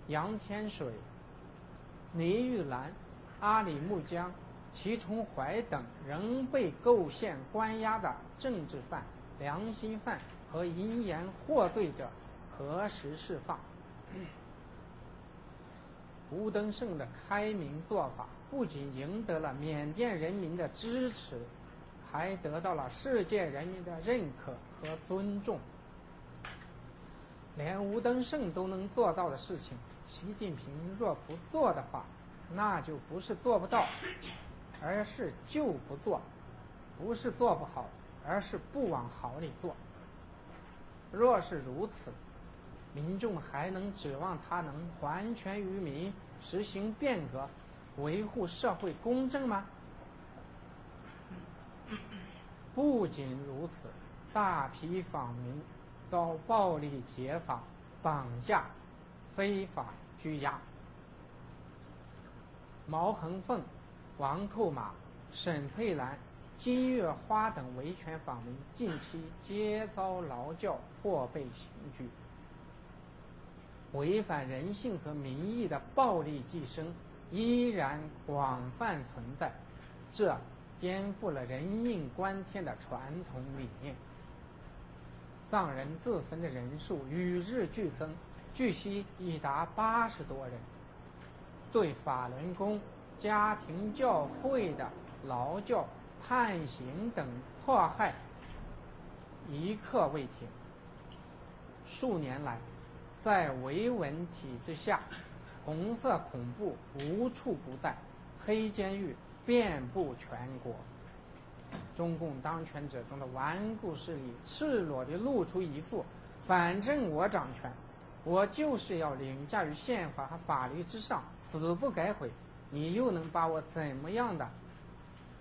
杨天水、林玉兰、阿里木江、祁崇怀等仍被构陷关押的政治犯、良心犯和淫言获罪者何时释放？吴登盛的开明做法不仅赢得了缅甸人民的支持，还得到了世界人民的认可和尊重。连吴登盛都能做到的事情，习近平若不做的话，那就不是做不到，而是就不做；不是做不好，而是不往好里做。若是如此，民众还能指望他能还权于民、实行变革、维护社会公正吗？不仅如此，大批访民遭暴力解访、绑架、非法拘押。毛恒凤、王扣马、沈佩兰、金月花等维权访民近期皆遭劳教或被刑拘。违反人性和民意的暴力寄生依然广泛存在，这颠覆了人命关天的传统理念。藏人自焚的人数与日俱增，据悉已达八十多人。对法轮功、家庭教会的劳教、判刑等迫害一刻未停。数年来。在维稳体制下，红色恐怖无处不在，黑监狱遍布全国。中共当权者中的顽固势力赤裸地露出一副反正我掌权，我就是要凌驾于宪法和法律之上，死不改悔，你又能把我怎么样的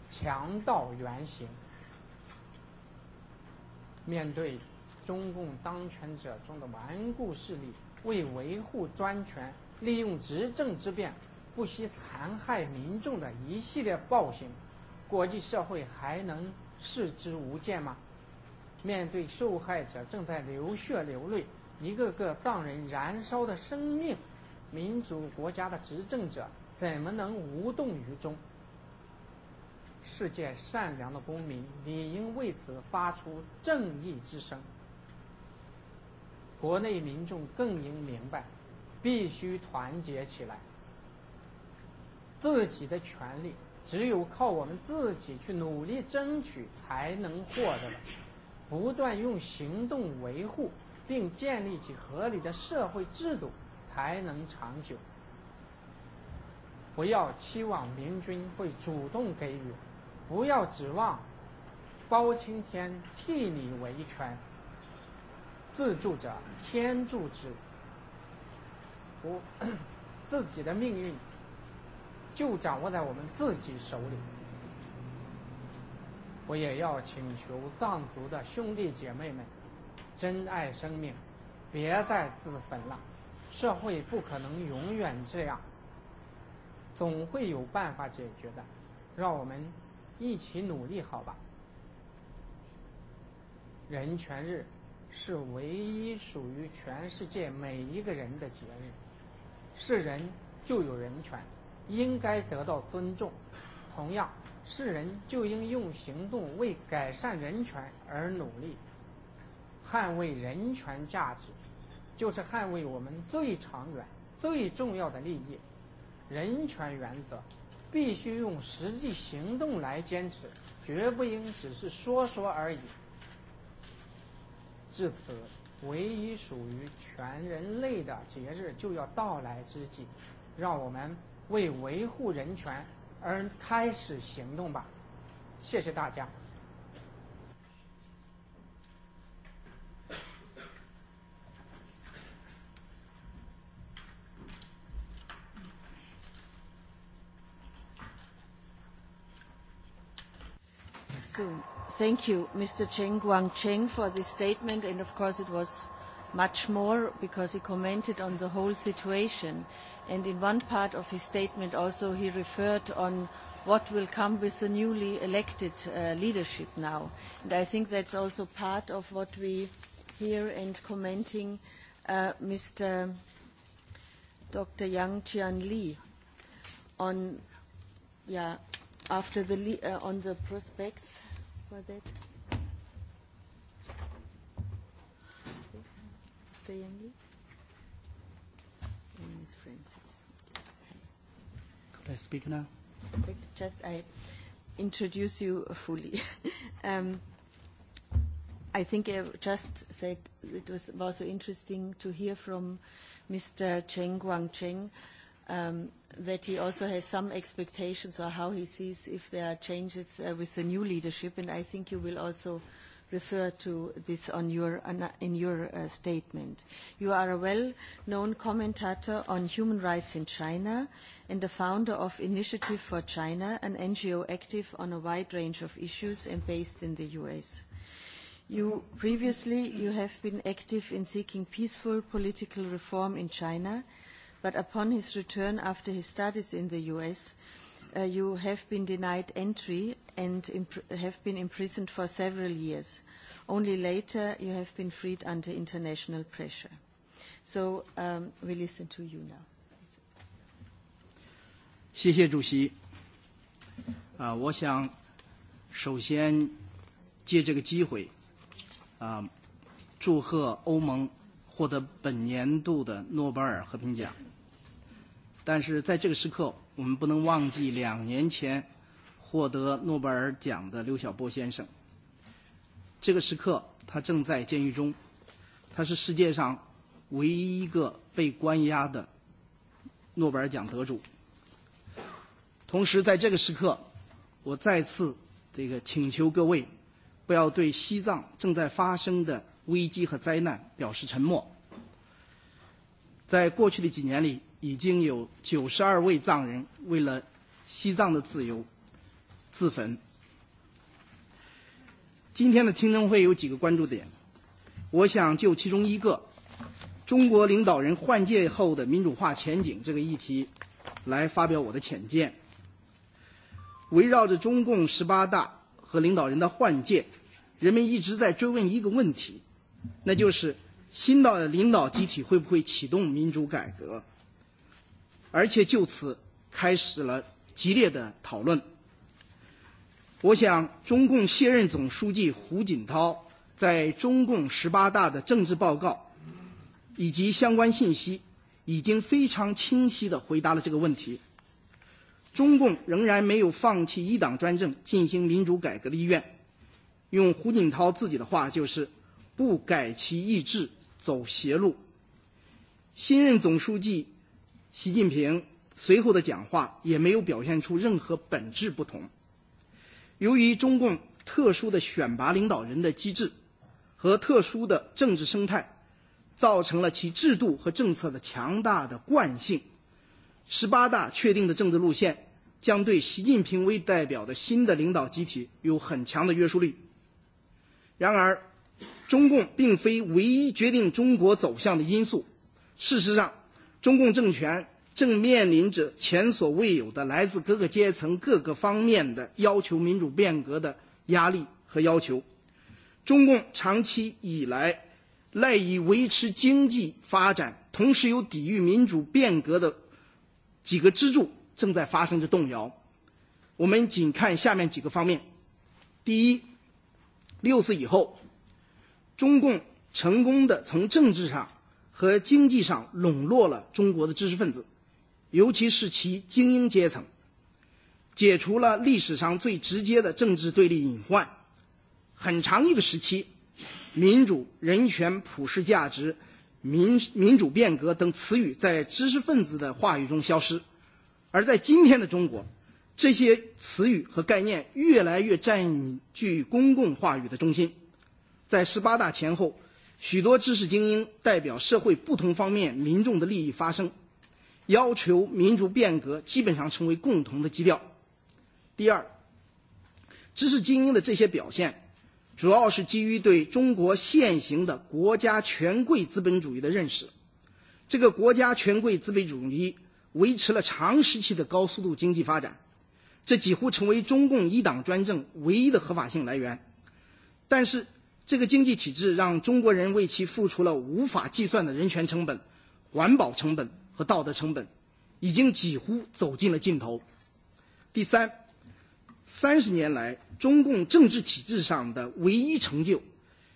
强盗原型？面对中共当权者中的顽固势力为维护专权，利用执政之便，不惜残害民众的一系列暴行，国际社会还能视之无见吗？面对受害者正在流血流泪，一个个藏人燃烧的生命，民主国家的执政者怎么能无动于衷？世界善良的公民理应为此发出正义之声。国内民众更应明白，必须团结起来。自己的权利只有靠我们自己去努力争取才能获得的，不断用行动维护，并建立起合理的社会制度，才能长久。不要期望明君会主动给予，不要指望包青天替你维权。自助者天助之。我自己的命运就掌握在我们自己手里。我也要请求藏族的兄弟姐妹们，珍爱生命，别再自焚了。社会不可能永远这样，总会有办法解决的。让我们一起努力，好吧？人权日。是唯一属于全世界每一个人的节日，是人就有人权，应该得到尊重。同样，是人就应用行动为改善人权而努力，捍卫人权价值，就是捍卫我们最长远、最重要的利益。人权原则必须用实际行动来坚持，绝不应只是说说而已。至此，唯一属于全人类的节日就要到来之际，让我们为维护人权而开始行动吧！谢谢大家。Thank you, Mr. Cheng Guangcheng, for this statement, and of course it was much more because he commented on the whole situation. And in one part of his statement also he referred on what will come with the newly elected leadership now. And I think that's also part of what we hear and commenting Mr. Dr. Yang Qian Li on, yeah, after the on the prospects with it. Mr. And Francis. Could I speak now? Just I introduce you fully. um, I think I just said it was also interesting to hear from Mr. Cheng Guangcheng. Cheng that he also has some expectations on how he sees if there are changes with the new leadership, and I think you will also refer to this in your statement. You are a well-known commentator on human rights in China and the founder of Initiative for China, an NGO active on a wide range of issues and based in the U.S. previously you have been active in seeking peaceful political reform in China but upon his return after his studies in the US, you have been denied entry and have been imprisoned for several years. Only later you have been freed under international pressure. So we listen to you now. 但是在这个时刻，我们不能忘记两年前获得诺贝尔奖的刘晓波先生。这个时刻，他正在监狱中，他是世界上唯一一个被关押的诺贝尔奖得主。同时，在这个时刻，我再次这个请求各位，不要对西藏正在发生的危机和灾难表示沉默。在过去的几年里，已经有九十二位藏人为了西藏的自由自焚。今天的听证会有几个关注点，我想就其中一个中国领导人换届后的民主化前景这个议题来发表我的浅见。围绕着中共十八大和领导人的换届，人们一直在追问一个问题，那就是新的领导集体会不会启动民主改革？而且就此开始了激烈的讨论。我想，中共卸任总书记胡锦涛在中共十八大的政治报告以及相关信息，已经非常清晰地回答了这个问题。中共仍然没有放弃一党专政、进行民主改革的意愿。用胡锦涛自己的话就是：“不改其意志，走邪路。”新任总书记习近平随后的讲话也没有表现出任何本质不同。由于中共特殊的选拔领导人的机制和特殊的政治生态，造成了其制度和政策的强大的惯性。十八大确定的政治路线将对习近平为代表的新的领导集体有很强的约束力。然而，中共并非唯一决定中国走向的因素。事实上，中共政权正面临着前所未有的来自各个阶层、各个方面的要求民主变革的压力和要求。中共长期以来赖以维持经济发展，同时又抵御民主变革的几个支柱正在发生着动摇。我们仅看下面几个方面：第一，六四以后，中共成功的从政治上和经济上笼络了中国的知识分子，尤其是其精英阶层，解除了历史上最直接的政治对立隐患。很长一个时期，民主、人权、普世价值、民民主变革等词语在知识分子的话语中消失，而在今天的中国，这些词语和概念越来越占据公共话语的中心。在十八大前后。许多知识精英代表社会不同方面民众的利益发声，要求民主变革基本上成为共同的基调。第二，知识精英的这些表现，主要是基于对中国现行的国家权贵资本主义的认识。这个国家权贵资本主义维持了长时期的高速度经济发展，这几乎成为中共一党专政唯一的合法性来源。但是。这个经济体制让中国人为其付出了无法计算的人权成本、环保成本和道德成本，已经几乎走进了尽头。第三，三十年来，中共政治体制上的唯一成就，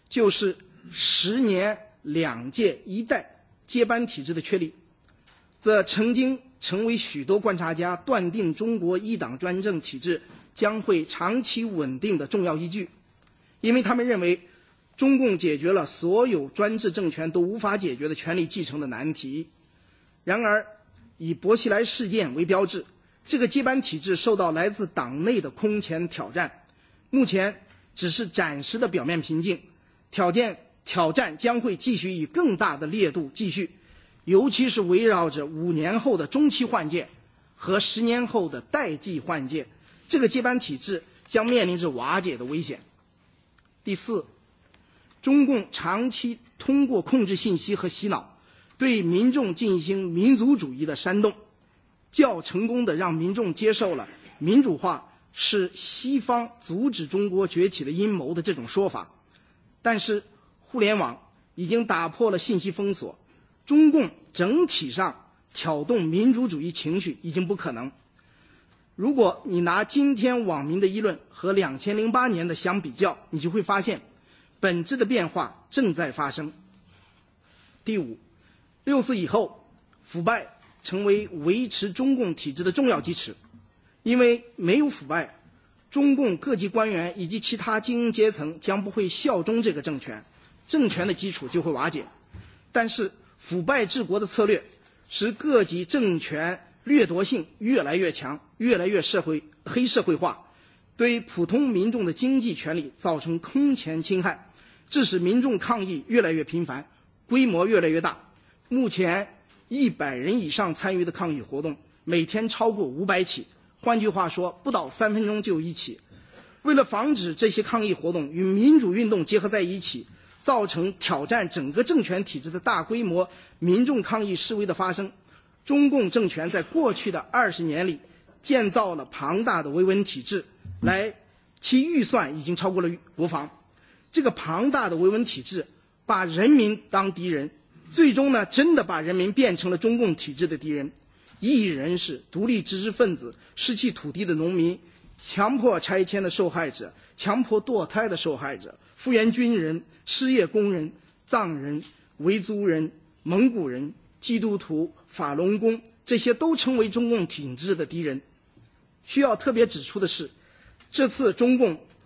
就是十年两届一代接班体制的确立，这曾经成为许多观察家断定中国一党专政体制将会长期稳定的重要依据，因为他们认为中共解决了所有专制政权都无法解决的权力继承的难题。然而，以薄熙来事件为标志，这个接班体制受到来自党内的空前挑战，目前只是暂时的表面平静，挑战挑战将会继续以更大的烈度继续，尤其是围绕着五年后的中期换届和十年后的代际换届，这个接班体制将面临着瓦解的危险。第四。中共长期通过控制信息和洗脑对民众进行民族主义的煽动较成功的让民众接受了民主化是西方阻止中国崛起的阴谋的这种说法但是互联网已经打破了信息封锁中共整体上挑动民族主义情绪已经不可能如果你拿今天网民的议论和2008本质的变化正在发生。第五，六四以后，腐败成为维持中共体制的重要基石，因为没有腐败，中共各级官员以及其他精英阶层将不会效忠这个政权，政权的基础就会瓦解。但是，腐败治国的策略使各级政权掠夺性越来越强，越来越社会黑社会化，对普通民众的经济权利造成空前侵害。致使民众抗议越来越频繁，规模越来越大。目前，一百人以上参与的抗议活动每天超过五百起，换句话说，不到三分钟就一起。为了防止这些抗议活动与民主运动结合在一起，造成挑战整个政权体制的大规模民众抗议示威的发生，中共政权在过去的二十年里建造了庞大的维稳体制，来其预算已经超过了国防。这个庞大的维稳体制把人民当敌人，最终呢，真的把人民变成了中共体制的敌人。异议人士、独立知识分子、失去土地的农民、强迫拆迁的受害者、强迫堕胎的受害者、复员军人、失业工人、藏人、维族人、蒙古人、基督徒、法轮功，这些都成为中共体制的敌人。需要特别指出的是，这次中共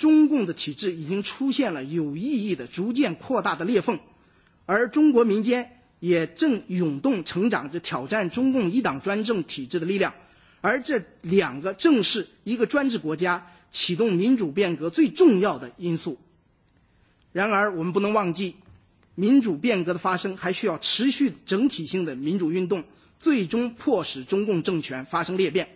中共的体制已经出现了有意义的逐渐扩大的裂缝，而中国民间也正涌动成长着挑战中共一党专政体制的力量，而这两个正是一个专制国家启动民主变革最重要的因素。然而，我们不能忘记，民主变革的发生还需要持续整体性的民主运动，最终迫使中共政权发生裂变。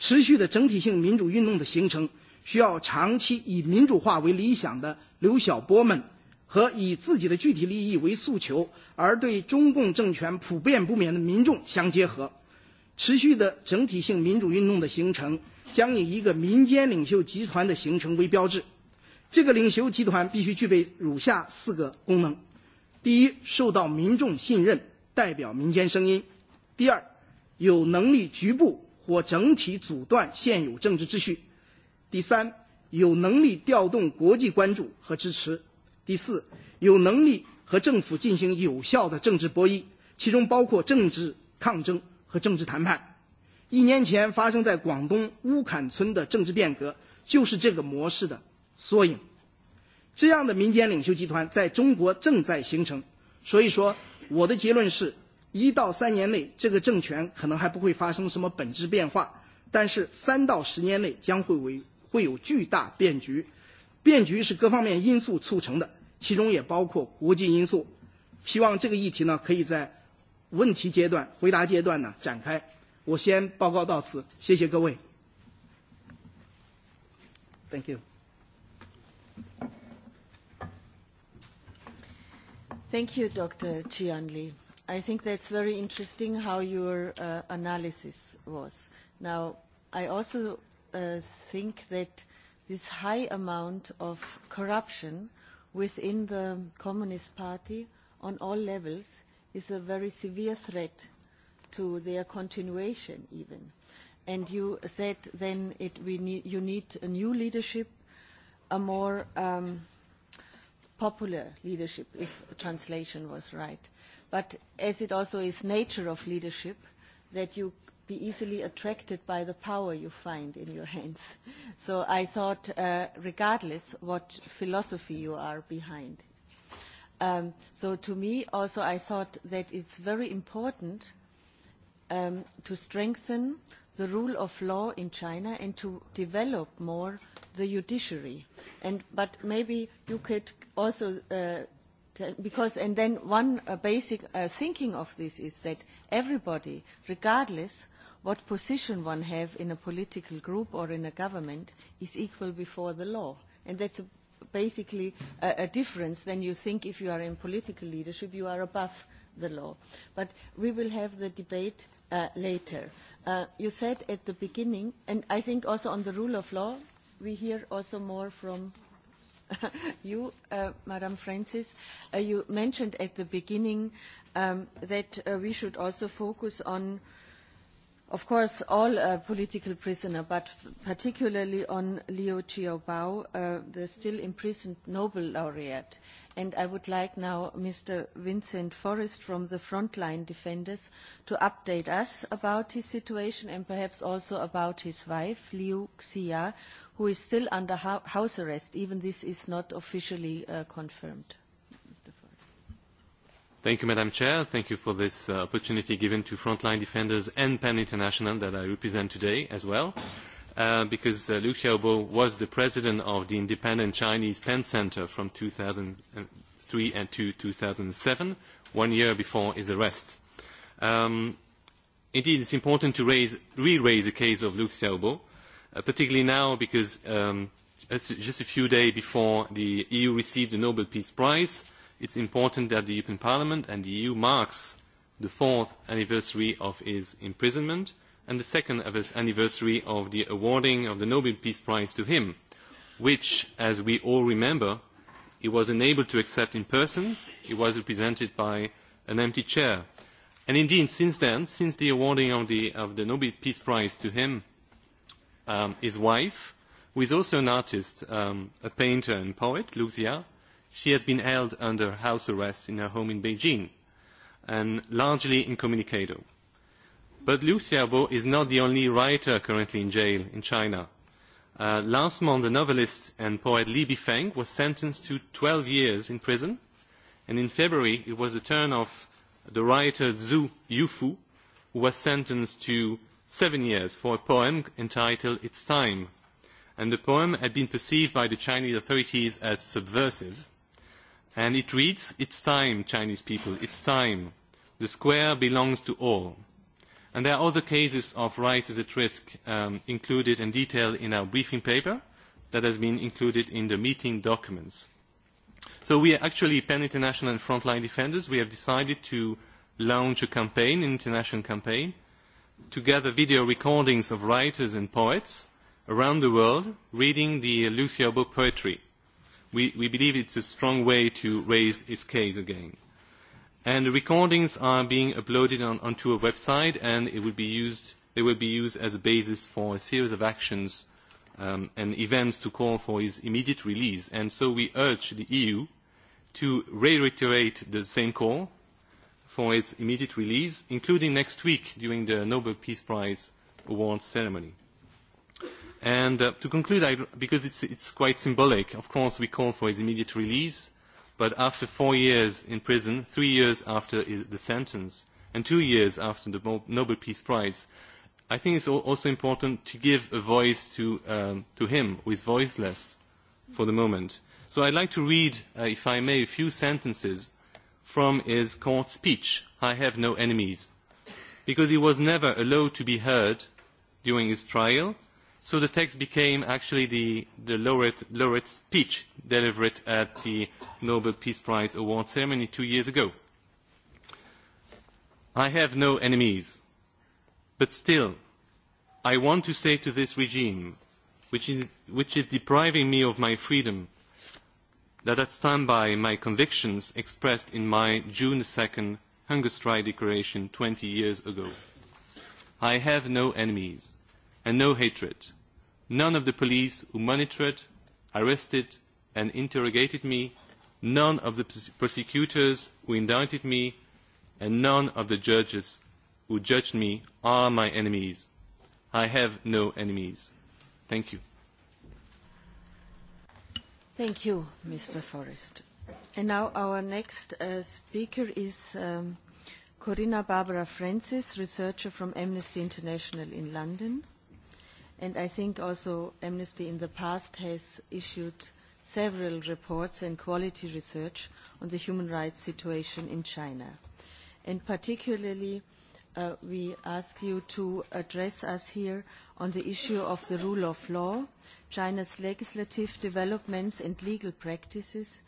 持续的整体性民主运动的形成需要长期以民主化为理想的刘晓波们和以自己的具体利益为诉求而对中共政权普遍不满的民众相结合。持续的整体性民主运动的形成，将以一个民间领袖集团的形成为标志。这个领袖集团必须具备如下四个功能：第一，受到民众信任，代表民间声音；第二，有能力局部或整体阻断现有政治秩序；第三，有能力调动国际关注和支持；第四，有能力和政府进行有效的政治博弈，其中包括政治抗争和政治谈判。一年前发生在广东乌坎村的政治变革，就是这个模式的缩影。这样的民间领袖集团在中国正在形成，所以说我的结论是，一到三年内这个政权可能还不会发生什么本质变化，但是三到十年内将会为会有巨大变局。变局是各方面因素促成的，其中也包括国际因素。希望这个议题呢，可以在问题阶段、回答阶段呢展开。我先报告到此，谢谢各位。Thank you. Thank you, Dr. Qianli. I think that's very interesting how your analysis was. Now, I also think that this high amount of corruption within the Communist Party on all levels is a very severe threat to their continuation even. And you said then you need a new leadership, a more popular leadership, if the translation was right. But as it also is nature of leadership, that you be easily attracted by the power you find in your hands. So I thought, regardless what philosophy you are behind. So to me also I thought that it's very important to strengthen the rule of law in China and to develop more the judiciary. But maybe you could also because and then one basic thinking of this is that everybody, regardless what position one has in a political group or in a government is equal before the law. And that's basically a difference than you think if you are in political leadership, you are above the law. But we will have the debate later. You said at the beginning, and I think also on the rule of law, we hear also more from you, Madam Francis. You mentioned at the beginning that we should also focus on Of course, all political prisoners, but particularly on Liu Xiaobao, the still imprisoned Nobel laureate. And I would like now Mr. Vincent Forrest from the Frontline Defenders to update us about his situation and perhaps also about his wife, Liu Xia, who is still under house arrest, even this is not officially confirmed. Madam Chair. Thank you for this opportunity given to Frontline Defenders and PEN International that I represent today as well, because Liu Xiaobo was the president of the Independent Chinese PEN Centre from 2003 and to 2007, one year before his arrest. Indeed, it is important to re-raise the case of Liu Xiaobo, particularly now because just a few days before the EU received the Nobel Peace Prize, it is important that the european parliament and the eu marks the fourth anniversary of his imprisonment and the second anniversary of the awarding of the nobel peace prize to him which as we all remember he was unable to accept in person he was represented by an empty chair. and indeed since then since the awarding of the nobel peace prize to him his wife who is also an artist a painter and poet lucia she has been held under house arrest in her home in beijing and largely incommunicado. but liu xiaobo is not the only writer currently in jail in china. last month the novelist and poet li bifeng was sentenced to 12 years in prison and in february it was the turn of the writer zhu yufu who was sentenced to seven years for a poem entitled it's time and the poem had been perceived by the chinese authorities as subversive and it reads it's time chinese people it's time the square belongs to all and there are other cases of writers at risk included and detailed in our briefing paper that has been included in the meeting documents so we are actually PEN international and frontline defenders we have decided to launch a campaign an international campaign to gather video recordings of writers and poets around the world reading the book poetry we believe it's a strong way to raise its case again. And the recordings are being uploaded onto a website and they will be used as a basis for a series of actions and events to call for his immediate release. And so we urge the EU to reiterate the same call for his immediate release, including next week during the Nobel Peace Prize award ceremony. And to conclude, because it's quite symbolic, of course we call for his immediate release, but after four years in prison, three years after the sentence, and two years after the Nobel Peace Prize, I think it is also important to give a voice to him, who is voiceless for the moment. So would like to read, if I may, a few sentences from his court speech, I have no enemies, because he was never allowed to be heard during his trial So the text became actually the laureate speech delivered at the Nobel Peace Prize award ceremony two years ago. I have no enemies, but still, I want to say to this regime, which is depriving me of my freedom, that I stand by my convictions expressed in my June 2 hunger strike declaration 20 years ago. I have no enemies and no hatred. None of the police who monitored, arrested and interrogated me, none of the prosecutors who indicted me, and none of the judges who judged me are my enemies. I have no enemies. Thank you. Thank you, Mr. Forrest. And now our next speaker is Corinna Barbara Francis, researcher from Amnesty International in London and I think also Amnesty in the past has issued several reports and quality research on the human rights situation in China. And particularly, we ask you to address us here on the issue of the rule of law, China's legislative developments and legal practices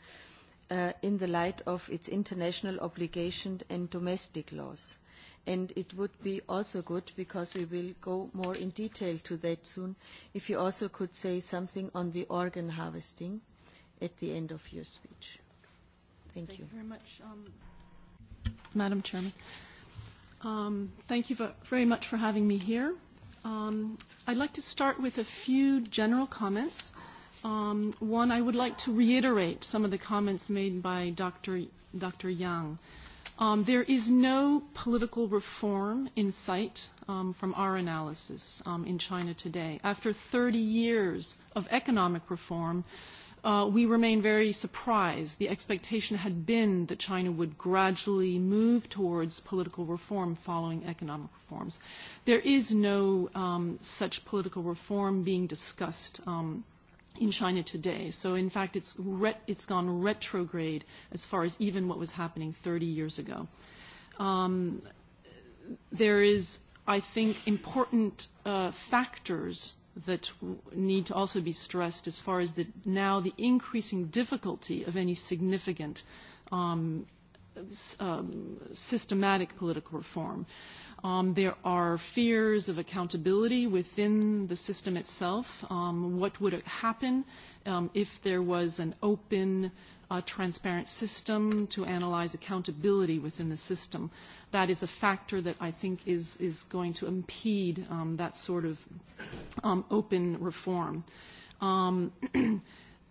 in the light of its international obligations and domestic laws and it would be also good, because we will go more in detail to that soon, if you also could say something on the organ harvesting at the end of your speech. Thank you. Thank you very much, Madam Chairman. Thank you very much for having me here. I'd like to start with a few general comments. One, I would like to reiterate some of the comments made by Dr. Yang. There is no political reform in sight from our analysis in China today. After 30 years of economic reform, we remain very surprised. The expectation had been that China would gradually move towards political reform following economic reforms. There is no such political reform being discussed in China today. So in fact, it's it's gone retrograde as far as even what was happening 30 years ago. There is, I think, important factors that need to also be stressed as far as the now the increasing difficulty of any significant systematic political reform. There are fears of accountability within the system itself. What would happen if there was an open, transparent system to analyze accountability within the system? That is a factor that I think is going to impede that sort of open reform.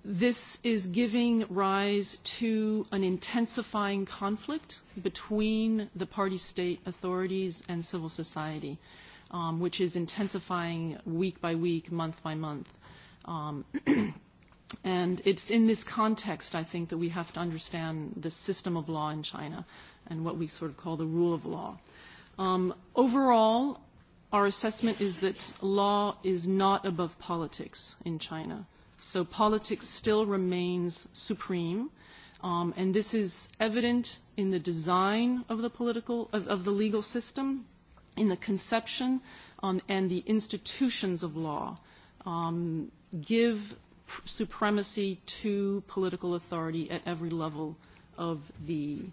This is giving rise to an intensifying conflict between the party state authorities and civil society, which is intensifying week by week, month by month. And it's in this context, I think, that we have to understand the system of law in China and what we sort of call the rule of law. Overall, our assessment is that law is not above politics in China So politics still remains supreme, and this is evident in the design of the political of the legal system, in the conception and the institutions of law give supremacy to political authority at every level of the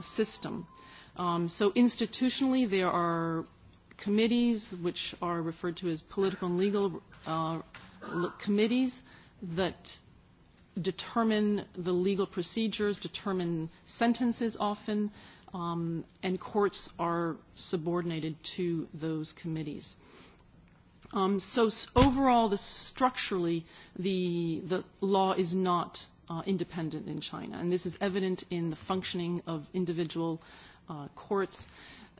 system. So institutionally there are committees which are referred to as political and legal committees that determine the legal procedures, determine sentences often, and courts are subordinated to those committees. So overall, structurally, the law is not independent in China, and this is evident in the functioning of individual courts.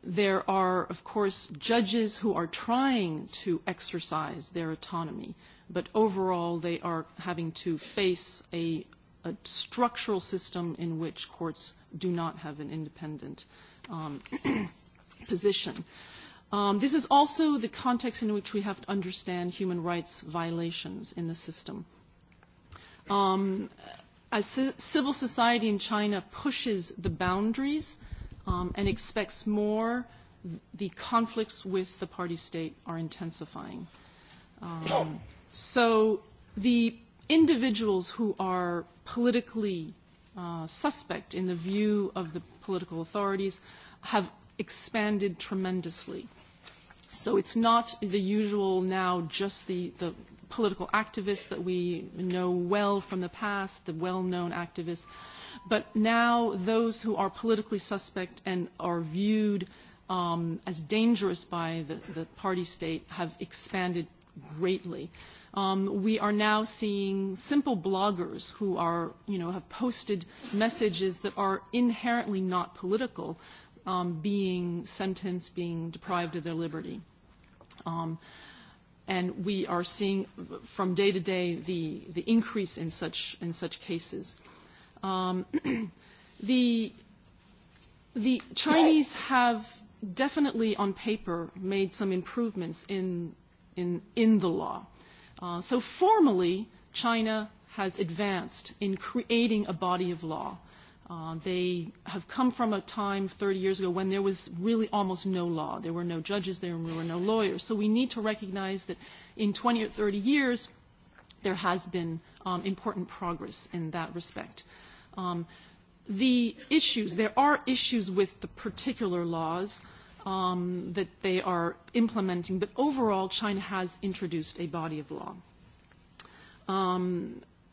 There are, of course, judges who are trying to exercise their autonomy but overall they are having to face a structural system in which courts do not have an independent position. This is also the context in which we have to understand human rights violations in the system. As civil society in China pushes the boundaries and expects more, the conflicts with the party state are intensifying. So the individuals who are politically suspect in the view of the political authorities have expanded tremendously. So it's not the usual now just the political activists that we know well from the past, the well-known activists, but now those who are politically suspect and are viewed as dangerous by the party state have expanded greatly. We are now seeing simple bloggers who are, you know, have posted messages that are inherently not political, being sentenced, being deprived of their liberty. And we are seeing from day to day the the increase in such in such cases. The the Chinese have definitely on paper made some improvements in in in the law. So formally, China has advanced in creating a body of law. They have come from a time 30 years ago when there was really almost no law. There were no judges, there and were no lawyers. So we need to recognize that in 20 or 30 years, there has been important progress in that respect. The issues, there are issues with the particular laws that they are implementing. But overall, China has introduced a body of law.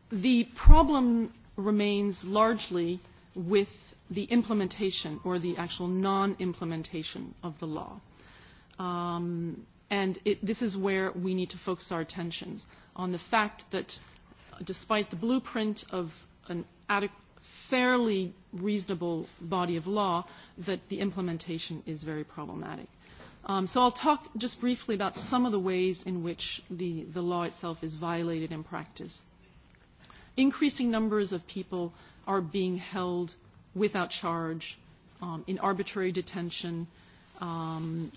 The problem remains largely with the implementation or the actual non-implementation of the law. And this is where we need to focus our attentions on the fact that despite the blueprint of an adequate fairly reasonable body of law that the implementation is very problematic. So I'll talk just briefly about some of the ways in which the law itself is violated in practice. Increasing numbers of people are being held without charge in arbitrary detention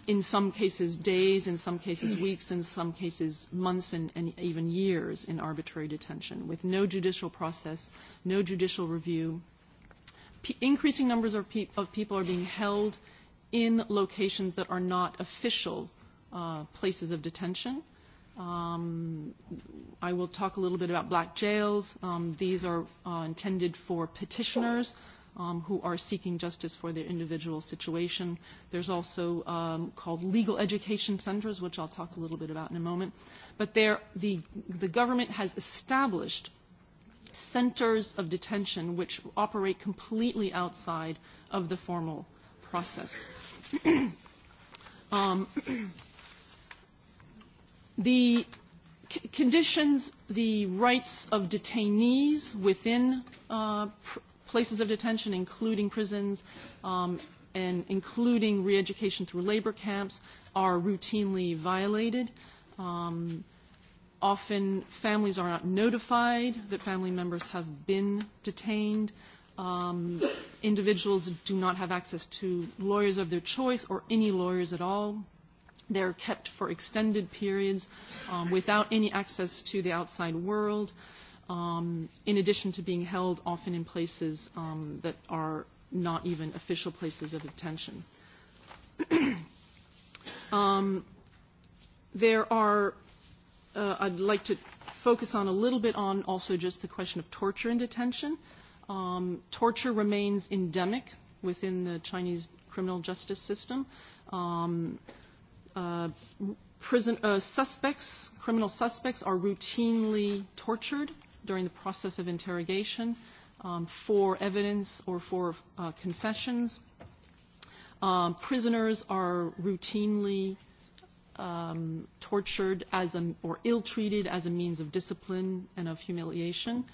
in some cases days, in some cases weeks, in some cases months and even years in arbitrary detention with no judicial process, no judicial review. Increasing numbers of people are being held in locations that are not official places of detention. I will talk a little bit about black jails. These are intended for petitioners who are seeking justice for their individual situation. There's also called legal education centers, which I'll talk a little bit about in a moment. But the government has established centers of detention which operate completely outside of the formal process. The conditions, the rights of detainees within places of detention, including prisons and including re-education through labor camps, are routinely violated. Often families are not notified that family members have been detained. Individuals do not have access to lawyers of their choice or any lawyers at all. They're kept for extended periods without any access to the outside world in addition to being held often in places that are not even official places of detention. There are, I'd like to focus on a little bit on also just the question of torture in detention. Torture remains endemic within the Chinese criminal justice system. Prison suspects, criminal suspects, are routinely tortured during the process of interrogation for evidence or for confessions. Prisoners are routinely tortured or ill-treated as a means of discipline and of humiliation.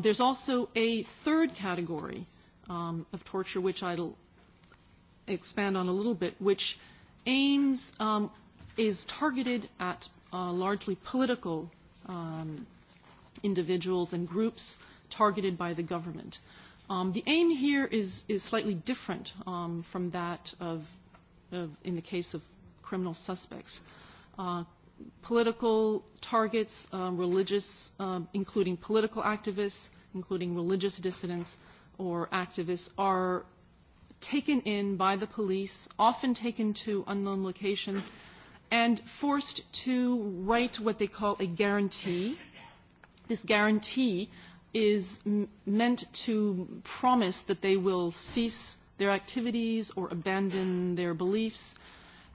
There's also a third category of torture, which I'll expand on a little bit, which aims is targeted at largely political individuals and groups targeted by the government. The aim here is slightly different from that of, in the case of criminal suspects. Political targets, religious, including political activists, including religious dissidents or activists, are taken in by the police, often taken to unknown locations, and forced to write what they call a guarantee This guarantee is meant to promise that they will cease their activities or abandon their beliefs,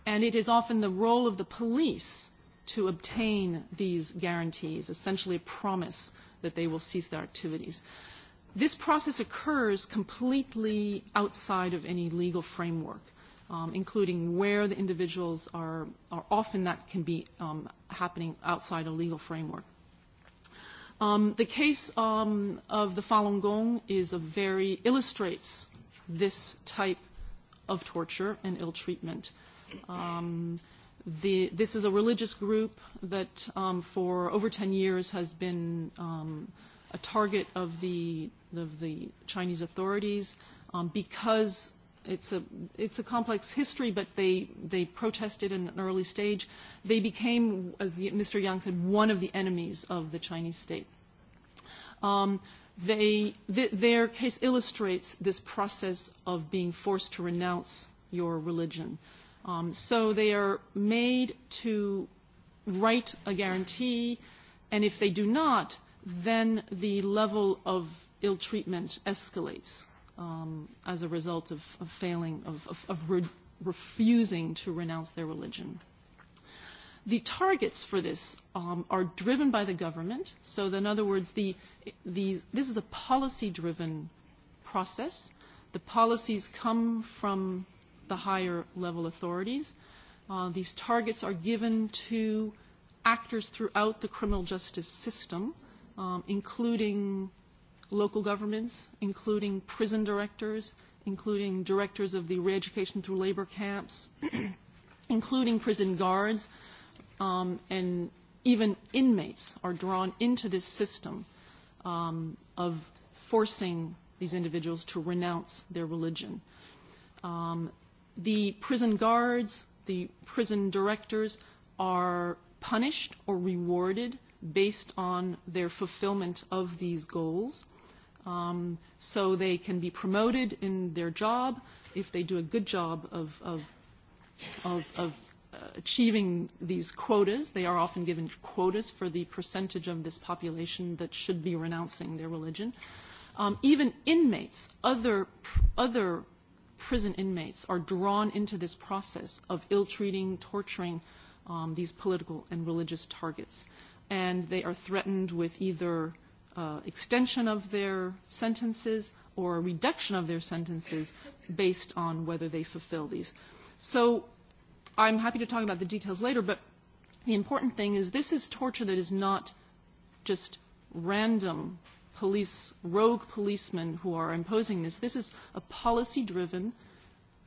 and it is often the role of the police to obtain these guarantees, essentially a promise that they will cease their activities. This process occurs completely outside of any legal framework, including where the individuals are often that can be happening outside a legal framework. The case of the Falun Gong is a very illustrates this type of torture and ill treatment. This is a religious group that for over 10 years has been a target of the Chinese authorities because It's a it's a complex history, but they they protested in an early stage. They became, as Mr. Yang said, one of the enemies of the Chinese state. They their case illustrates this process of being forced to renounce your religion. So they are made to write a guarantee, and if they do not, then the level of ill treatment escalates as a result of failing, of refusing to renounce their religion. The targets for this are driven by the government. So, in other words, this is a policy-driven process. The policies come from the higher level authorities. These targets are given to actors throughout the criminal justice system, including local governments, including prison directors, including directors of the re-education through labor camps, including prison guards, and even inmates are drawn into this system of forcing these individuals to renounce their religion. The prison guards, the prison directors are punished or rewarded based on their fulfillment of these goals so they can be promoted in their job if they do a good job of achieving these quotas. They are often given quotas for the percentage of this population that should be renouncing their religion. Even inmates, other other prison inmates are drawn into this process of ill-treating, torturing these political and religious targets. And they are threatened with either extension of their sentences or a reduction of their sentences based on whether they fulfill these. So I'm happy to talk about the details later, but the important thing is this is torture that is not just random police, rogue policemen who are imposing this. This is a policy-driven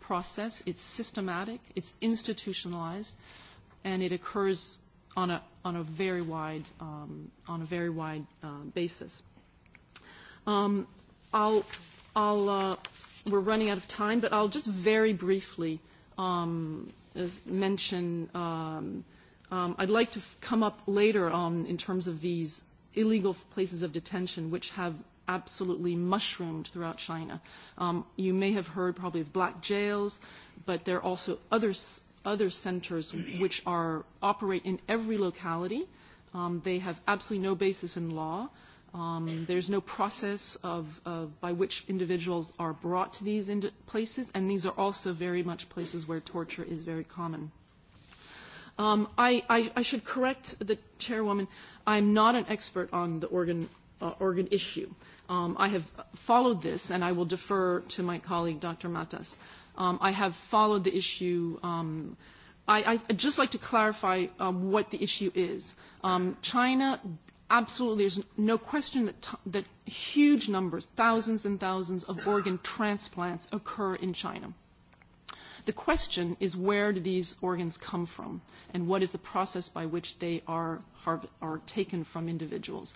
process. It's systematic. It's institutionalized. And it occurs on a very wide on a very wide basis. I'll we're running out of time, but I'll just very briefly mention. I'd like to come up later on in terms of these illegal places of detention, which have absolutely mushroomed throughout China. You may have heard probably of black jails, but there are also other other centers which are operate in every locality. They have absolutely no basis in law. There's no process by which individuals are brought to these places, and these are also very much places where torture is very common. I should correct the chairwoman. I'm not an expert on the organ issue. I have followed this, and I will defer to my colleague, Dr. Matas. I have followed the issue. I'd just like to clarify what the issue is. China, absolutely, there's no question that huge numbers, thousands and thousands of organ transplants occur in China. The question is where do these organs come from and what is the process by which they are taken from individuals.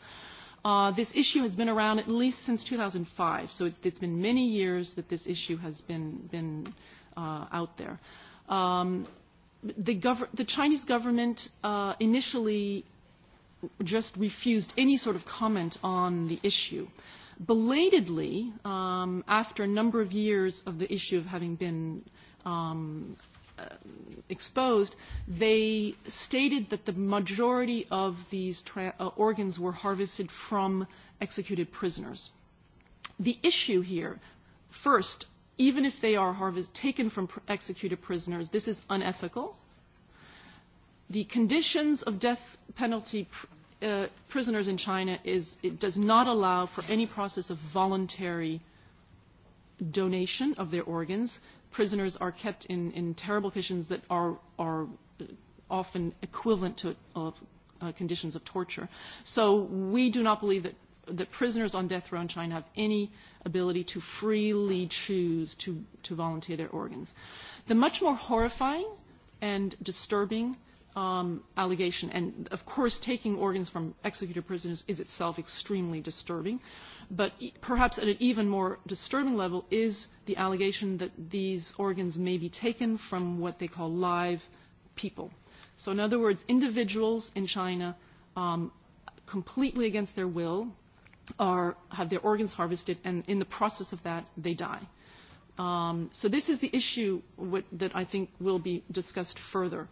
This issue has been around at least since 2005, so it's been many years that this issue has been out there. The Chinese government initially just refused any sort of comment on the issue. Belatedly, after a number of years of the issue of having been exposed, they stated that the majority of these organs were harvested from executed prisoners. The issue here, first, even if they are taken from executed prisoners, this is unethical. The conditions of death penalty prisoners in China is it does not allow for any process of voluntary donation of their organs prisoners are kept in in terrible conditions that are are often equivalent to conditions of torture. So we do not believe that that prisoners on death row in China have any ability to freely choose to to volunteer their organs. The much more horrifying and disturbing allegation, and of course taking organs from executed prisoners is itself extremely disturbing, But perhaps at an even more disturbing level is the allegation that these organs may be taken from what they call live people. So in other words, individuals in China, completely against their will, are have their organs harvested, and in the process of that, they die. So this is the issue that I think will be discussed further.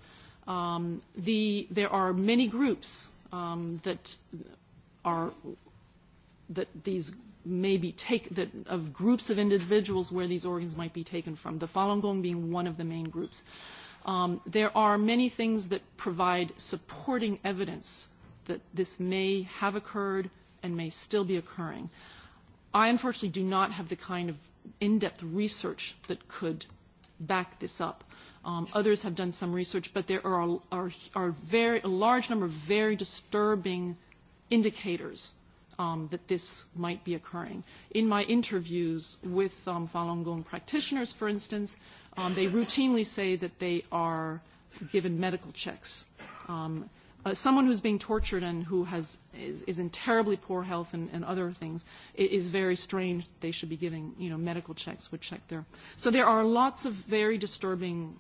There are many groups that are that these may take that of groups of individuals where these organs might be taken from, the Falun Gong being one of the main groups. There are many things that provide supporting evidence that this may have occurred and may still be occurring. I unfortunately do not have the kind of in-depth research that could back this up. Others have done some research, but there are a large number of very disturbing indicators that this might be occurring. In my interviews with Falun Gong practitioners, for instance, they routinely say that they are given medical checks. Someone who's being tortured and who has is in terribly poor health and other things, it is very strange they should be giving, you know, medical checks would check their. So there are lots of very disturbing,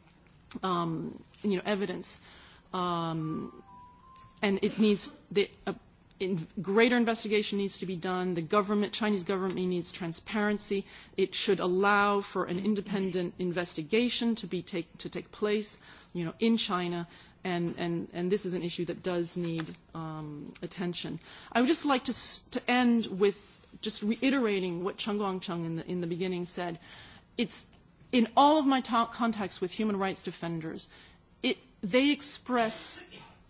you know, evidence, and it needs the Greater investigation needs to be done. The government, Chinese government needs transparency. It should allow for an independent investigation to take place in China, and this is an issue that does need attention. I would just like to end with just reiterating what Cheng Guangcheng in the beginning said. It's in all of my contacts with human rights defenders, they express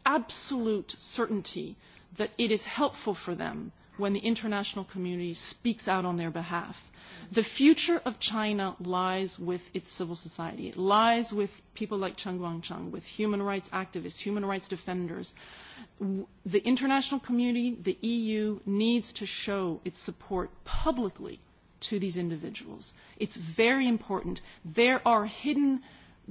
absolute certainty that it is helpful for them when the international community speaks out on their behalf. The future of China lies with its civil society. It lies with people like Cheng Guangcheng, with human rights activists, human rights defenders. The international community, the EU, needs to show its support publicly to these individuals. It's very important. There are hidden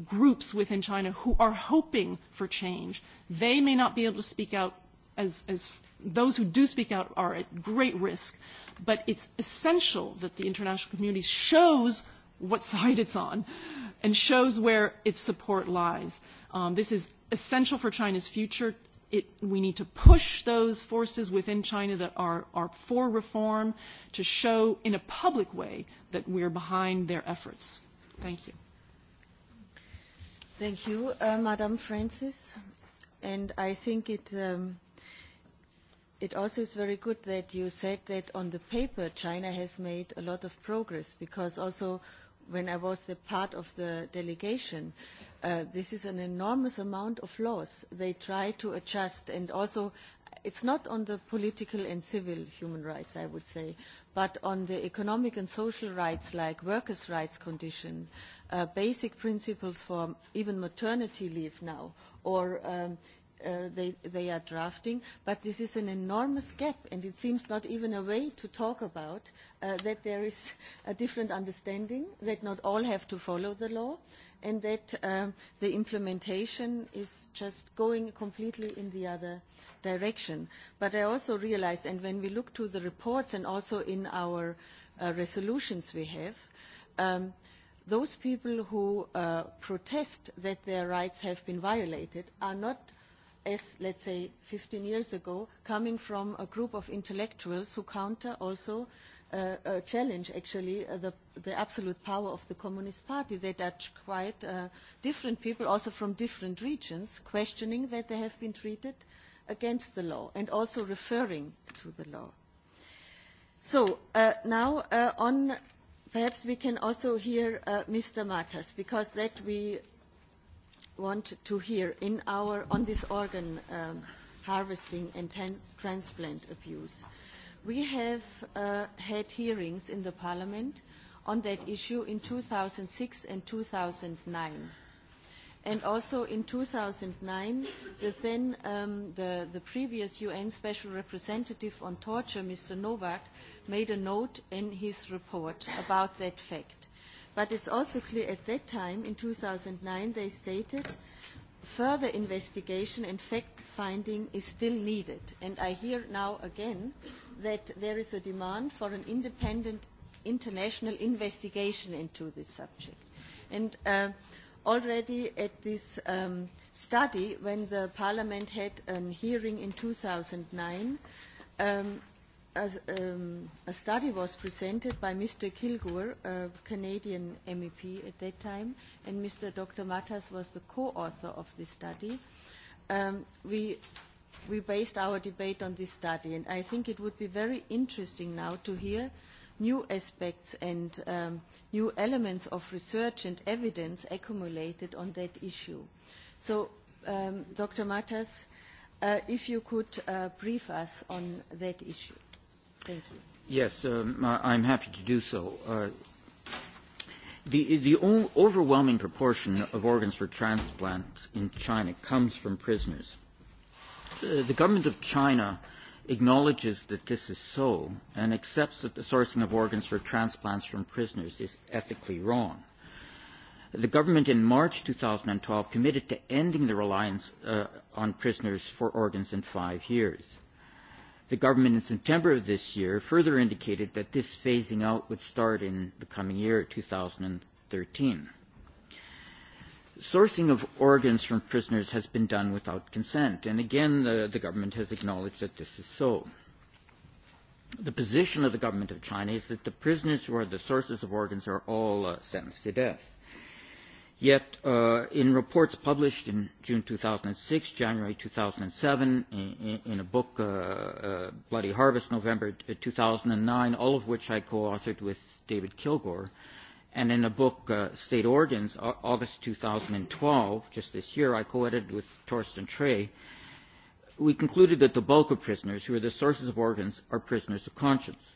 groups within China who are hoping for change. They may not be able to speak out as those who do speak out are at great risk, but it's essential that the international community shows what side it's on and shows where its support lies. This is essential for China's future. We need to push those forces within China that are for reform to show in a public way that we're behind their efforts. Thank you. Thank you, Madam Francis. And I think it it also is very good that you said that on the paper China has made a lot of progress because also when I was a part of the delegation, this is an enormous amount of laws. They try to adjust and also it's not on the political and civil human rights, I would say, but on the economic and social rights like workers' rights conditions, basic principles for even maternity leave now, or they are drafting, but this is an enormous gap, and it seems not even a way to talk about that there is a different understanding, that not all have to follow the law, and that the implementation is just going completely in the other direction. But I also realise, and when we look to the reports and also in our resolutions we have, those people who protest that their rights have been violated are not as let's say 15 years ago, coming from a group of intellectuals who counter also challenge actually the absolute power of the Communist Party. They touch quite different people, also from different regions, questioning that they have been treated against the law and also referring to the law. So now on, perhaps we can also hear Mr. Matas, because that we want to hear in our on this organ harvesting and transplant abuse. We have had hearings in the Parliament on that issue in 2006 and 2009. And also in 2009, then the previous UN Special Representative on Torture, Mr. Novak, made a note in his report about that fact. But it's also clear at that time, in 2009, they stated further investigation and fact-finding is still needed. And I hear now again that there is a demand for an independent international investigation into this subject. And already at this study, when the Parliament had a hearing in 2009, a study was presented by Mr. Kilgour, a Canadian MEP at that time, and Mr. Dr. Matas was the co-author of this study. We we based our debate on this study, and I think it would be very interesting now to hear new aspects and new elements of research and evidence accumulated on that issue. So, Dr. Matas, if you could brief us on that issue. Thank you. Yes, I'm happy to do so. The overwhelming proportion of organs for transplants in China comes from prisoners. The government of China acknowledges that this is so and accepts that the sourcing of organs for transplants from prisoners is ethically wrong. The government in March 2012 committed to ending the reliance on prisoners for organs in five years. The government in September of this year further indicated that this phasing out would start in the coming year, 2013. Sourcing of organs from prisoners has been done without consent, and again the government has acknowledged that this is so. The position of the government of China is that the prisoners who are the sources of organs are all sentenced to death. Yet, in reports published in June 2006, January 2007, in a book, Bloody Harvest, November 2009, all of which I co-authored with David Kilgore, and in a book, State Organs, August 2012, just this year, I co-edited with Torsten Trey, we concluded that the bulk of prisoners who are the sources of organs are prisoners of conscience.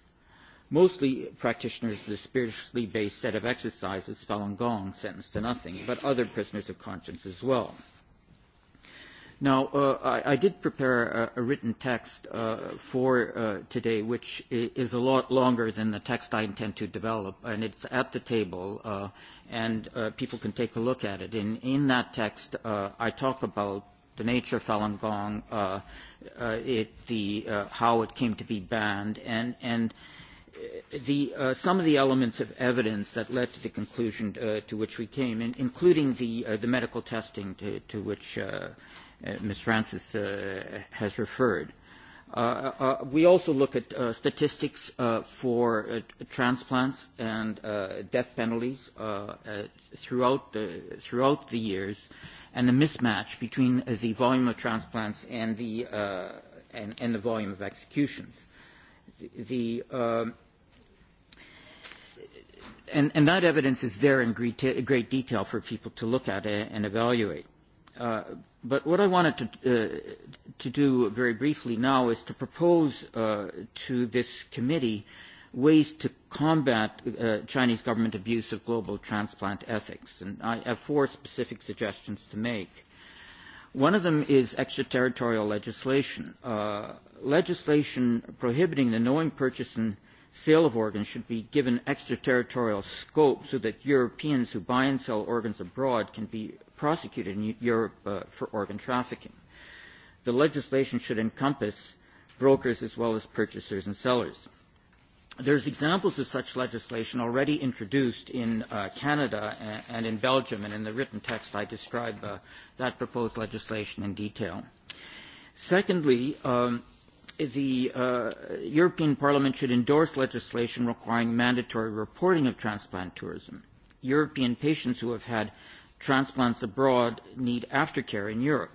Mostly practitioners of the spiritually based set of exercises, Falun Gong, sentenced to nothing, but other prisoners of conscience as well. Now, I did prepare a written text for today, which is a lot longer than the text I intend to develop, and it's at the table, and people can take a look at it. In in that text, I talk about the nature of Falun Gong, it the how it came to be banned, and and some of the elements of evidence that led to the conclusion to which we came, including the medical testing to which Ms. Francis has referred. We also look at statistics for transplants and death penalties throughout the years and the mismatch between the volume of transplants and the volume of executions. The And that evidence is there in great detail for people to look at and evaluate. But what I wanted to do very briefly now is to propose to this committee ways to combat Chinese government abuse of global transplant ethics. And I have four specific suggestions to make. One of them is extraterritorial legislation. Legislation prohibiting the knowing purchase and sale of organs should be given extraterritorial scope so that Europeans who buy and sell organs abroad can be prosecuted in Europe for organ trafficking. The legislation should encompass brokers as well as purchasers and sellers. There's examples of such legislation already introduced in Canada and in Belgium, and in the written text I describe that proposed legislation in detail. Secondly, the European Parliament should endorse legislation requiring mandatory reporting of transplant tourism. European patients who have had transplants abroad need aftercare in Europe.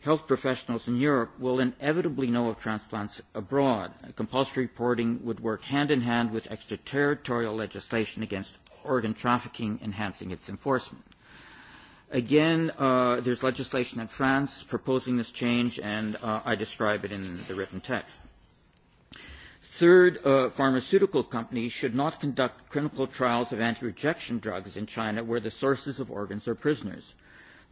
Health professionals in Europe will inevitably know of transplants abroad. Compulsory reporting would work hand in hand with extraterritorial legislation against organ trafficking, enhancing its enforcement. Again, there's legislation in France proposing this change, and I describe it in the written text. Third, pharmaceutical companies should not conduct clinical trials of anti-rejection drugs in China where the sources of organs are prisoners.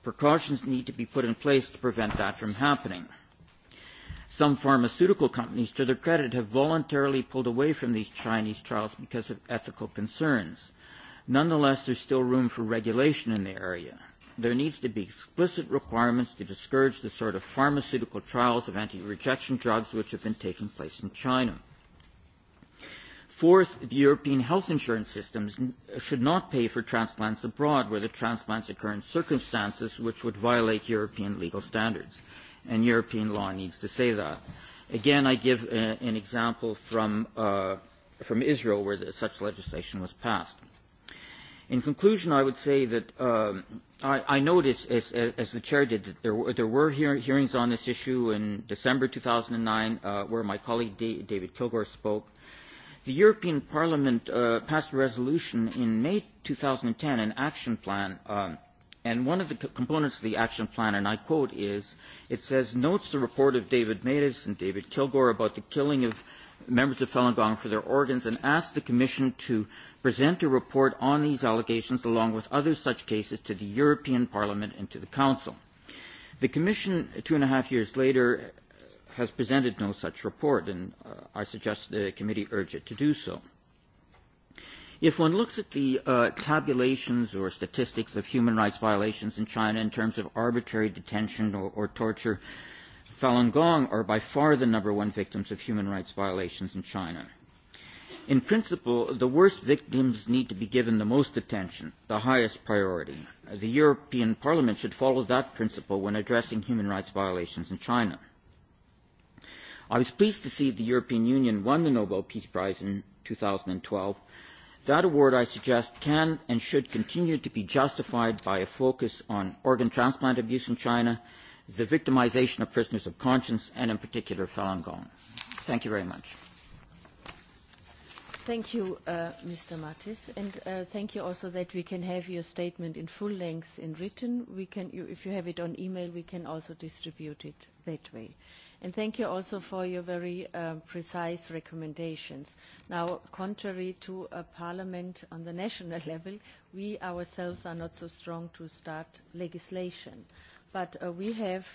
Precautions need to be put in place to prevent that from happening. Some pharmaceutical companies, to their credit, have voluntarily pulled away from these Chinese trials because of ethical concerns. Nonetheless, there's still room for regulation in the area there needs to be explicit requirements to discourage the sort of pharmaceutical trials of anti-rejection drugs which have been taking place in China. Fourth, the European health insurance systems should not pay for transplants abroad where the transplants occur in circumstances which would violate European legal standards. And European law needs to say that. Again, I give an example from Israel where such legislation was passed. In conclusion, I would say that I noticed, as the Chair did, that there were hearings on this issue in December 2009 where my colleague David Kilgore spoke. The European Parliament passed a resolution in May 2010, an action plan, and one of the components of the action plan, and I quote, is it says, notes the report of David Matis and David Kilgore about the killing of members of Falun Gong for their organs and asks the Commission to present a report on these allegations along with other such cases to the European Parliament and to the Council. The Commission, two and a half years later, has presented no such report, and I suggest the Committee urge it to do so. If one looks at the tabulations or statistics of human rights violations in China in terms of arbitrary detention or torture, Falun Gong are by far the number one victims of human rights violations in China. In principle, the worst victims need to be given the most attention, the highest priority. The European Parliament should follow that principle when addressing human rights violations in China. I was pleased to see the European Union won the Nobel Peace Prize in 2012. That award, I suggest, can and should continue to be justified by a focus on organ transplant abuse in China, the victimization of prisoners of conscience, and in particular Falun Gong. Thank you very much. Thank you, Mr. Mattis, and thank you also that we can have your statement in full length in written. We can, if you have it on email, we can also distribute it that way. And thank you also for your very precise recommendations. Now, contrary to a parliament on the national level, we ourselves are not so strong to start legislation. But we have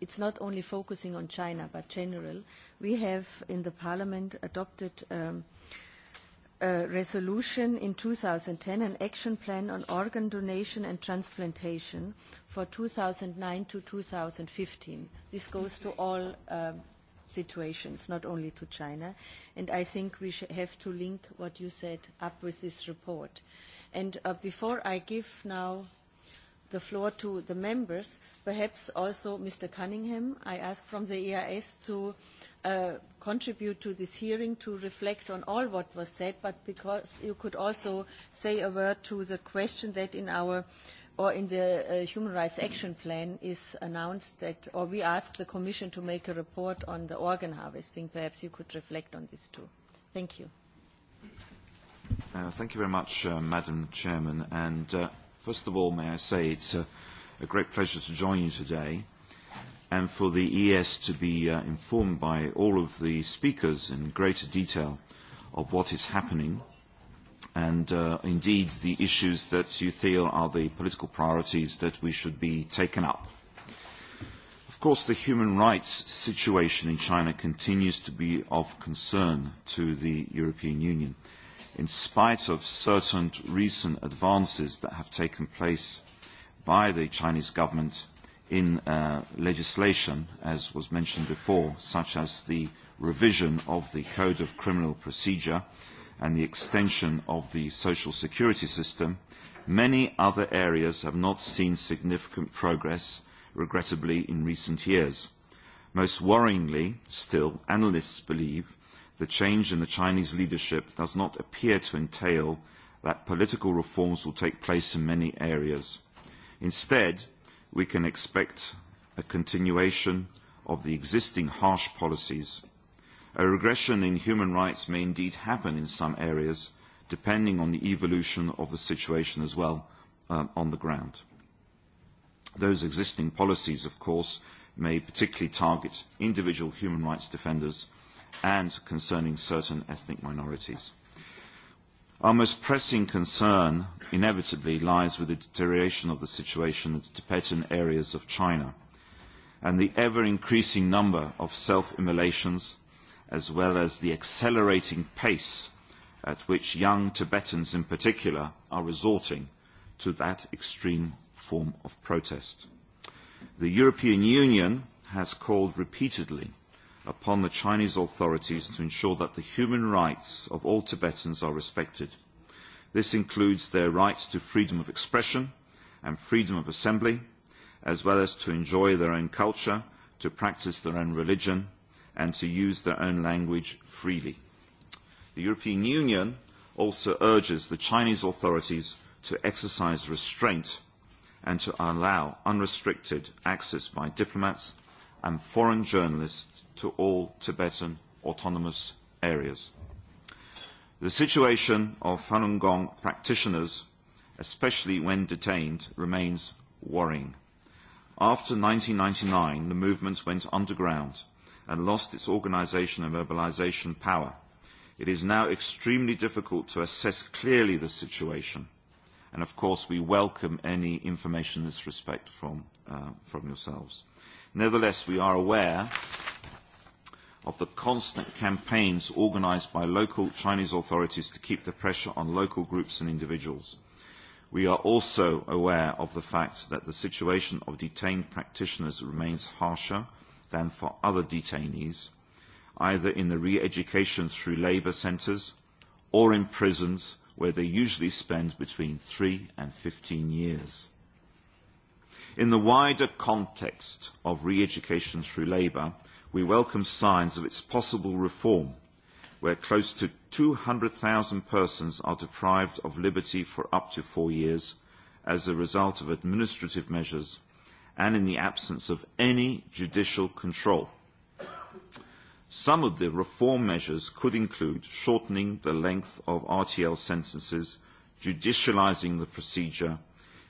it's not only focusing on China, but general. We have in the Parliament adopted a resolution in 2010, an action plan on organ donation and transplantation for 2009 to 2015. This goes to all situations, not only to China. And I think we have to link what you said up with this report. And before I give now the floor to the members, perhaps also Mr. Cunningham. I ask from the EIS to contribute to this hearing, to reflect on all what was said, but because you could also say a word to the question that in our or in the Human Rights Action Plan is announced that, or we ask the Commission to make a report on the organ harvesting. Perhaps you could reflect on this too. Thank you. Thank you very much, Madam Chairman. And First of all, may I say it's a great pleasure to join you today and for the ES to be informed by all of the speakers in greater detail of what is happening and indeed the issues that you feel are the political priorities that we should be taken up. Of course, the human rights situation in China continues to be of concern to the European Union in spite of certain recent advances that have taken place by the Chinese government in legislation, as was mentioned before, such as the revision of the Code of Criminal Procedure and the extension of the social security system, many other areas have not seen significant progress, regrettably, in recent years. Most worryingly, still, analysts believe the change in the Chinese leadership does not appear to entail that political reforms will take place in many areas. Instead, we can expect a continuation of the existing harsh policies. A regression in human rights may indeed happen in some areas, depending on the evolution of the situation as well on the ground. Those existing policies, of course, may particularly target individual human rights defenders and concerning certain ethnic minorities. Our most pressing concern inevitably lies with the deterioration of the situation in the Tibetan areas of China and the ever-increasing number of self-immolations as well as the accelerating pace at which young Tibetans in particular are resorting to that extreme form of protest. The European Union has called repeatedly upon the Chinese authorities to ensure that the human rights of all Tibetans are respected. This includes their rights to freedom of expression and freedom of assembly, as well as to enjoy their own culture, to practice their own religion, and to use their own language freely. The European Union also urges the Chinese authorities to exercise restraint and to allow unrestricted access by diplomats and foreign journalists to all Tibetan autonomous areas. The situation of Falun Gong practitioners, especially when detained, remains worrying. After 1999, the movement went underground and lost its organisation and mobilisation power. It is now extremely difficult to assess clearly the situation, and of course we welcome any information in this respect from yourselves. Nevertheless, we are aware of the constant campaigns organised by local Chinese authorities to keep the pressure on local groups and individuals. We are also aware of the fact that the situation of detained practitioners remains harsher than for other detainees, either in the re-education through labour centres or in prisons where they usually spend between three and 15 years. In the wider context of re-education through labour, we welcome signs of its possible reform, where close to 200,000 persons are deprived of liberty for up to four years as a result of administrative measures and in the absence of any judicial control. Some of the reform measures could include shortening the length of RTL sentences, judicialising the procedure,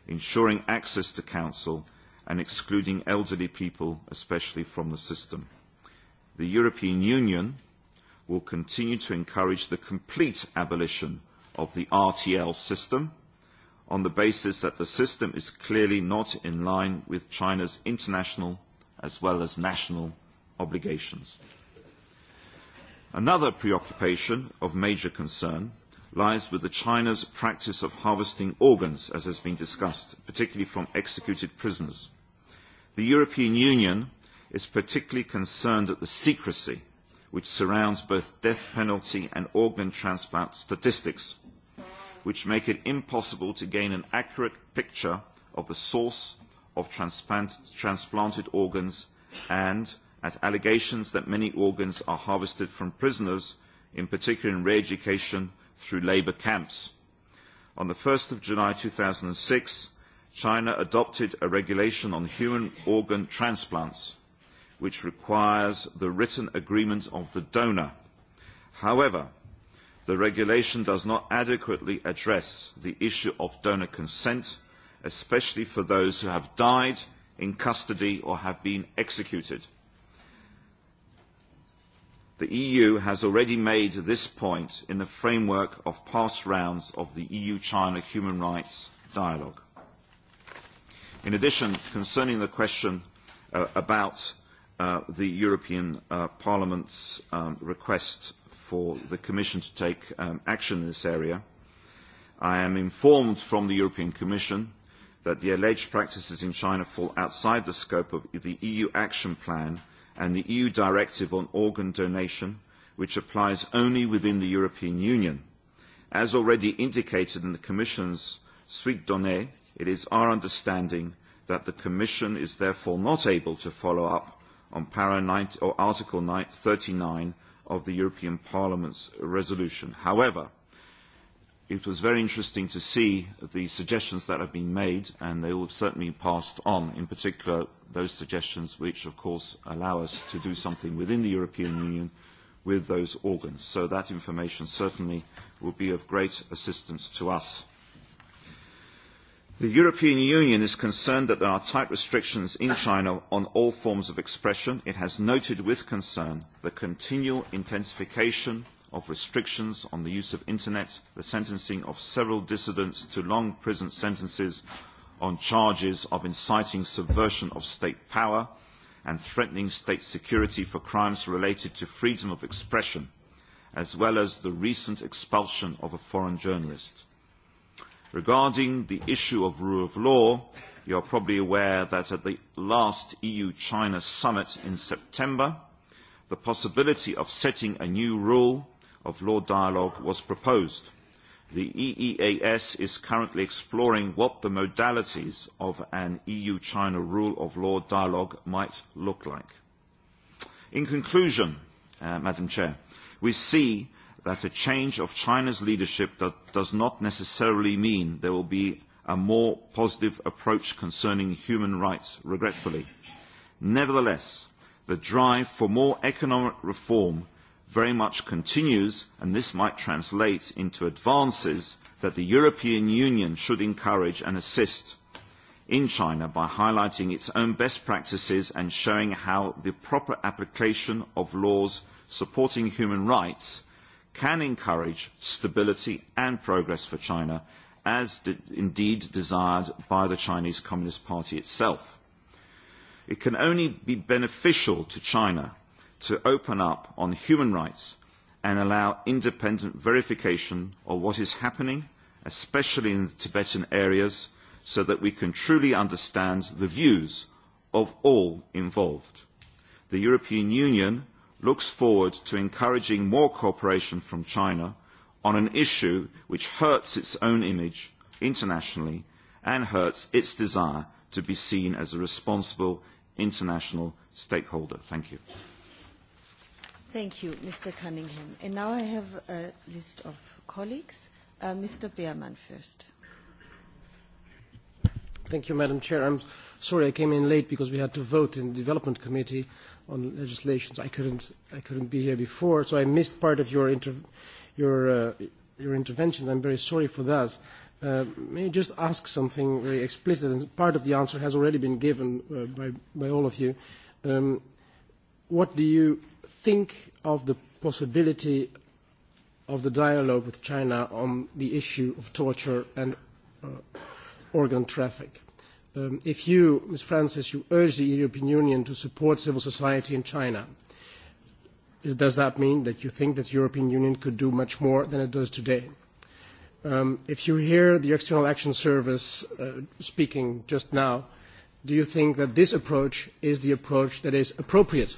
ensuring access to counsel, and excluding elderly people, especially from the system the European Union will continue to encourage the complete abolition of the RTL system on the basis that the system is clearly not in line with China's international as well as national obligations. Another preoccupation of major concern lies with China's practice of harvesting organs, as has been discussed, particularly from executed prisoners. The European Union is particularly concerned at the secrecy which surrounds both death penalty and organ transplant statistics, which make it impossible to gain an accurate picture of the source of transplanted organs and at allegations that many organs are harvested from prisoners, in particular in re-education through labour camps. On 1 July 2006, China adopted a regulation on human organ transplants which requires the written agreement of the donor. However, the regulation does not adequately address the issue of donor consent, especially for those who have died in custody or have been executed. The EU has already made this point in the framework of past rounds of the EU-China human rights dialogue. In addition, concerning the question about the European Parliament's request for the Commission to take action in this area. I am informed from the European Commission that the alleged practices in China fall outside the scope of the EU Action Plan and the EU Directive on Organ Donation, which applies only within the European Union. As already indicated in the Commission's suite donnée, it is our understanding that the Commission is therefore not able to follow up on para or Article 39 of the European Parliament's resolution. However, it was very interesting to see the suggestions that have been made, and they will certainly be passed on, in particular those suggestions which, of course, allow us to do something within the European Union with those organs. So that information certainly will be of great assistance to us. The European Union is concerned that there are tight restrictions in China on all forms of expression. It has noted with concern the continual intensification of restrictions on the use of Internet, the sentencing of several dissidents to long prison sentences on charges of inciting subversion of state power and threatening state security for crimes related to freedom of expression, as well as the recent expulsion of a foreign journalist. Regarding the issue of rule of law, you are probably aware that at the last EU-China summit in September, the possibility of setting a new rule of law dialogue was proposed. The EEAS is currently exploring what the modalities of an EU-China rule of law dialogue might look like. In conclusion, Madam Chair, we see that a change of China's leadership does not necessarily mean there will be a more positive approach concerning human rights, regretfully. Nevertheless, the drive for more economic reform very much continues, and this might translate into advances that the European Union should encourage and assist in China by highlighting its own best practices and showing how the proper application of laws supporting human rights can encourage stability and progress for China, as indeed desired by the Chinese Communist Party itself. It can only be beneficial to China to open up on human rights and allow independent verification of what is happening, especially in the Tibetan areas, so that we can truly understand the views of all involved. The European Union looks forward to encouraging more cooperation from China on an issue which hurts its own image internationally and hurts its desire to be seen as a responsible international stakeholder. Thank you. Thank you, Mr. Cunningham. And now I have a list of colleagues. Mr. Beerman first. Thank you, Madam Chair. I'm sorry I came in late because we had to vote in the Development Committee on legislation. I couldn't I couldn't be here before, so I missed part of your your your intervention. I'm very sorry for that. May I just ask something very explicit, and part of the answer has already been given by by all of you. What do you think of the possibility of the dialogue with China on the issue of torture and organ traffic. If you, Ms. Francis, you urge the European Union to support civil society in China, does that mean that you think that the European Union could do much more than it does today? If you hear the External Action Service speaking just now, do you think that this approach is the approach that is appropriate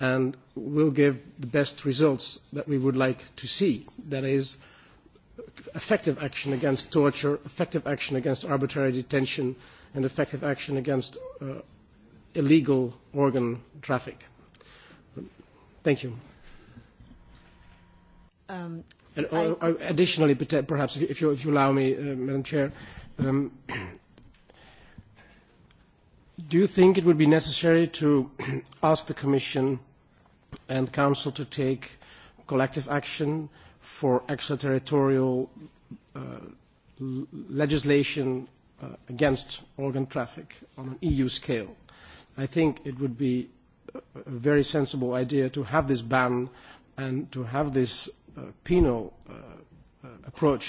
and will give the best results that we would like to see? That is effective action against torture, effective action against arbitrary detention, and effective action against illegal organ traffic. Thank you. Additionally, perhaps, if you allow me, Madam Chair, do you think it would be necessary to ask the Commission and Council to take collective action for extraterritorial legislation against organ traffic on an EU scale. I think it would be a very sensible idea to have this ban and to have this penal approach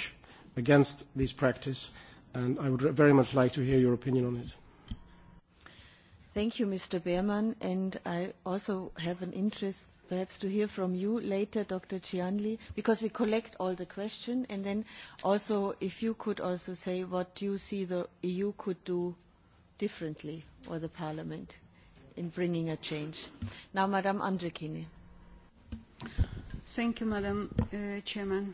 against this practice, and I would very much like to hear your opinion on it. Thank you, Mr. Behrmann, and I also have an interest perhaps to hear from you later, Dr. Gianli, because we collect all the questions, and then also if you could also say what you see the EU could do differently, or the Parliament, in bringing a change. Now, Madam Andrikini. Thank you, Madam Chairman.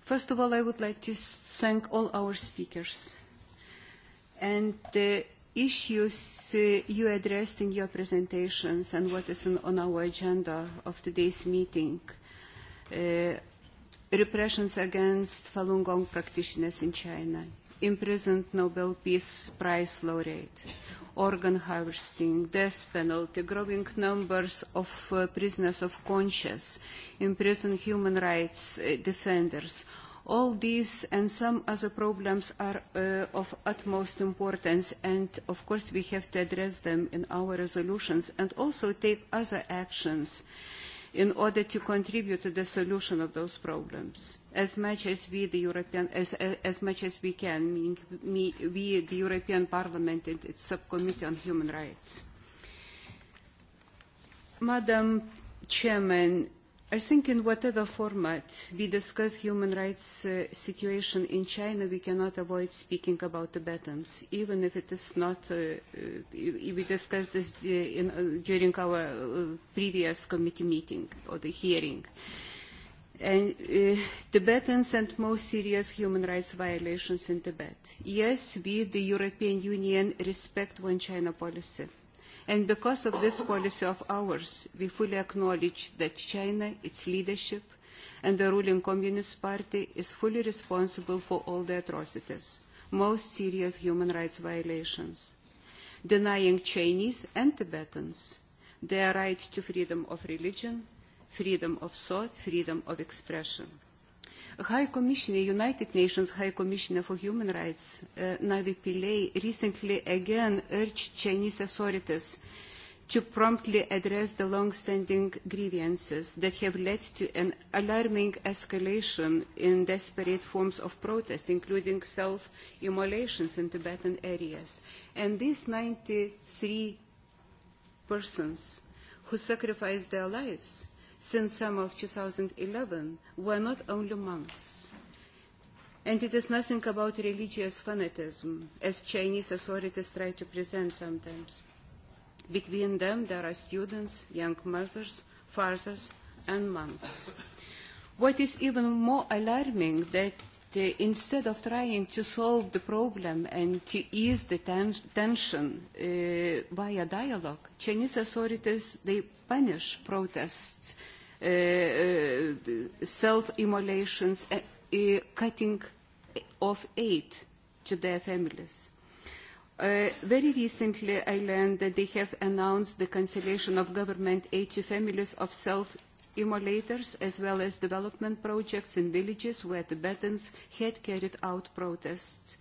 First of all, I would like to thank all our speakers. And issues you addressed in your presentations and what is on our agenda of today's meeting. Repressions against Falun Gong practitioners in China, imprisoned Nobel Peace Prize laureate, organ harvesting, death penalty, growing numbers of prisoners of conscience, imprisoned human rights defenders All these and some other problems are of utmost importance and of course we have to address them in our resolutions and also take other actions in order to contribute to the solution of those problems as much as we the European as much as we can, meaning we the European Parliament and its Subcommittee on Human Rights. Madam Chairman, I think in whatever format we discuss human rights situation in China, we cannot avoid speaking about Tibetans, even if it is not. We discussed this during our previous committee meeting or the hearing. Tibetans and most serious human rights violations in Tibet. Yes, we, the European Union, respect one China policy And because of this policy of ours, we fully acknowledge that China, its leadership, and the ruling Communist Party is fully responsible for all the atrocities, most serious human rights violations, denying Chinese and Tibetans their right to freedom of religion, freedom of thought, freedom of expression. High Commissioner, United Nations High Commissioner for Human Rights, Navi Pillay, recently again urged Chinese authorities to promptly address the long-standing grievances that have led to an alarming escalation in desperate forms of protest, including self-immolations in Tibetan areas. And these 93 persons who sacrificed their lives since summer of 2011 were not only monks. And it is nothing about religious fanatism, as Chinese authorities try to present sometimes. Between them there are students, young mothers, fathers and monks. What is even more alarming that instead of trying to solve the problem and to ease the tension via dialogue, Chinese authorities, they punish protests, self-immolations, cutting off aid to their families. Very recently, I learned that they have announced the cancellation of government aid to families of self immolators, as well as development projects in villages where Tibetans had carried out protests.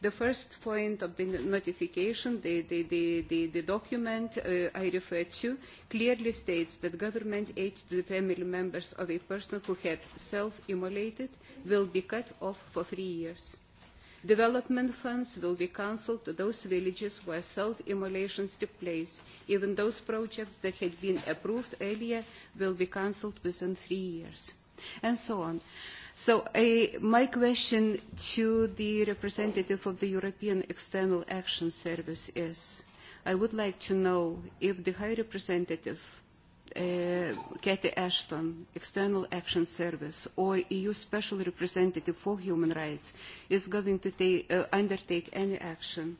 The first point of the notification, the document I referred to, clearly states that government aid to the family members of a person who had self-immolated will be cut off for three years. Development funds will be cancelled to those villages where self-immolations took place. Even those projects that had been approved earlier will be cancelled within three years, and so on. So my question to the representative of the European External Action Service is, I would like to know if the High Representative Cathy Ashton, External Action Service, or EU Special Representative for Human Rights is going to undertake any action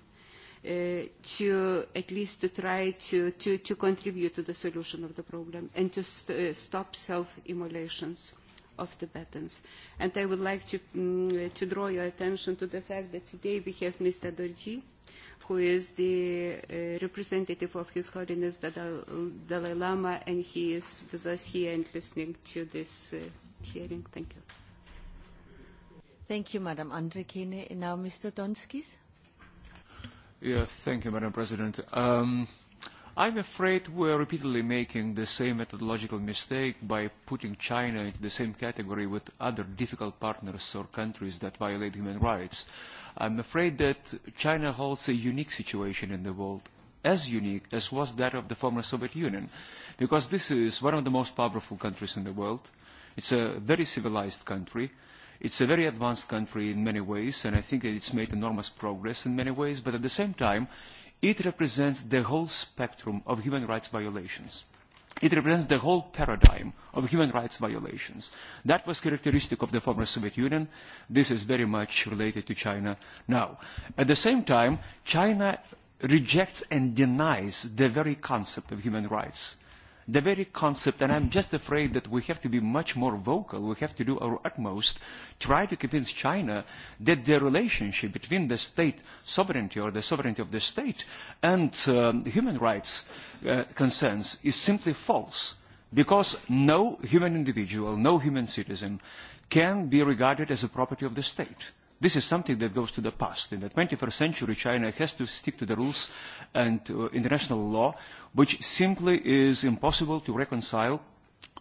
to at least to try to contribute to the solution of the problem and to stop self-immolations of Tibetans. And I would like to draw your attention to the fact that today we have Mr. Dorji who is the representative of His Holiness the Dalai Lama, and he is with us here and listening to this hearing. Thank you. Thank you, Madam Andrekine. Now, Mr. Donskis. thank you, Madam President. Um, I'm afraid we're repeatedly making the same methodological mistake by putting China into the same category with other difficult partners or countries that violate human rights. I'm afraid that China holds a unique situation in the world, as unique as was that of the former Soviet Union, because this is one of the most powerful countries in the world. It's a very civilized country. It's a very advanced country in many ways, and I think that it's made enormous progress in many ways, but at the same time, it represents the whole spectrum of human rights violations. It represents the whole paradigm of human rights violations. That was characteristic of the former Soviet Union. This is very much related to China now. At the same time, China rejects and denies the very concept of human rights the very concept, and I'm just afraid that we have to be much more vocal, we have to do our utmost, try to convince China that the relationship between the state sovereignty or the sovereignty of the state and human rights concerns is simply false, because no human individual, no human citizen can be regarded as a property of the state. This is something that goes to the past. In the 21st century, China has to stick to the rules and international law, which simply is impossible to reconcile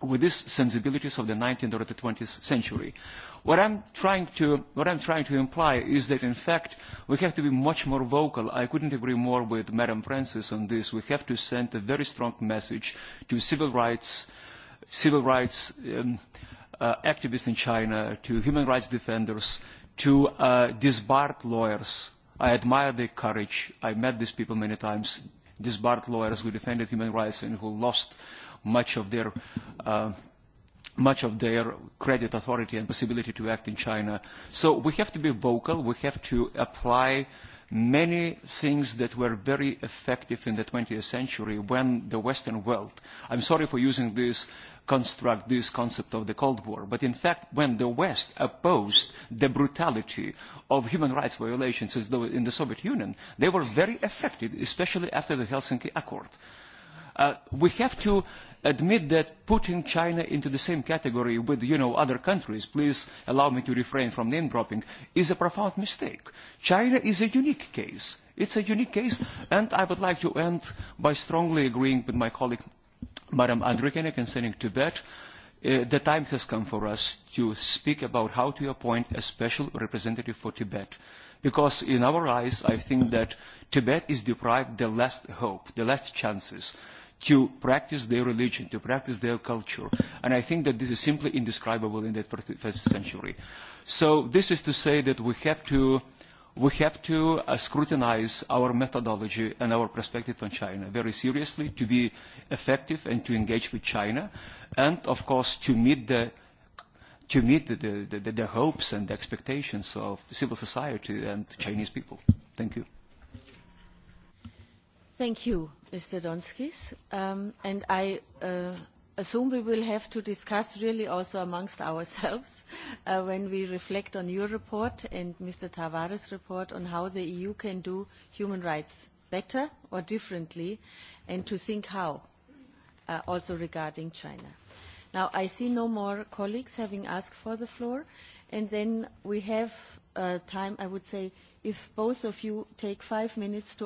with these sensibilities of the 19th or the 20th century. What I'm trying to what I'm trying to imply is that in fact we have to be much more vocal. I couldn't agree more with Madam Francis on this. We have to send a very strong message to civil rights civil rights activists in China, to human rights defenders, to disbarred lawyers. I admire their courage. I met these people many times, disbarred lawyers who defended human rights and who lost much of their much of their credit authority and possibility to act in China. So we have to be vocal. We have to apply many things that were very effective in the 20th century when the Western world, I'm sorry for using this construct this concept of the Cold War. But in fact, when the West opposed the brutality of human rights violations in the Soviet Union, they were very affected, especially after the Helsinki Accord. We have to admit that putting China into the same category with, you know, other countries, please allow me to refrain from name dropping, is a profound mistake. China is a unique case. It's a unique case, and I would like to end by strongly agreeing with my colleague Madam Andrikene concerning Tibet, the time has come for us to speak about how to appoint a special representative for Tibet. Because in our eyes, I think that Tibet is deprived the last hope, the last chances to practice their religion, to practice their culture. And I think that this is simply indescribable in the 21st century. So this is to say that we have to we have to scrutinize our methodology and our perspective on China very seriously to be effective and to engage with China and, of course, to meet the to meet the hopes and expectations of civil society and Chinese people. Thank you. Thank you, Mr. Donskis. And I Assume we will have to discuss really also amongst ourselves when we reflect on your report and Mr. Tavares' report on how the EU can do human rights better or differently and to think how, also regarding China. Now, I see no more colleagues having asked for the floor, and then we have time, I would say, if both of you take five minutes to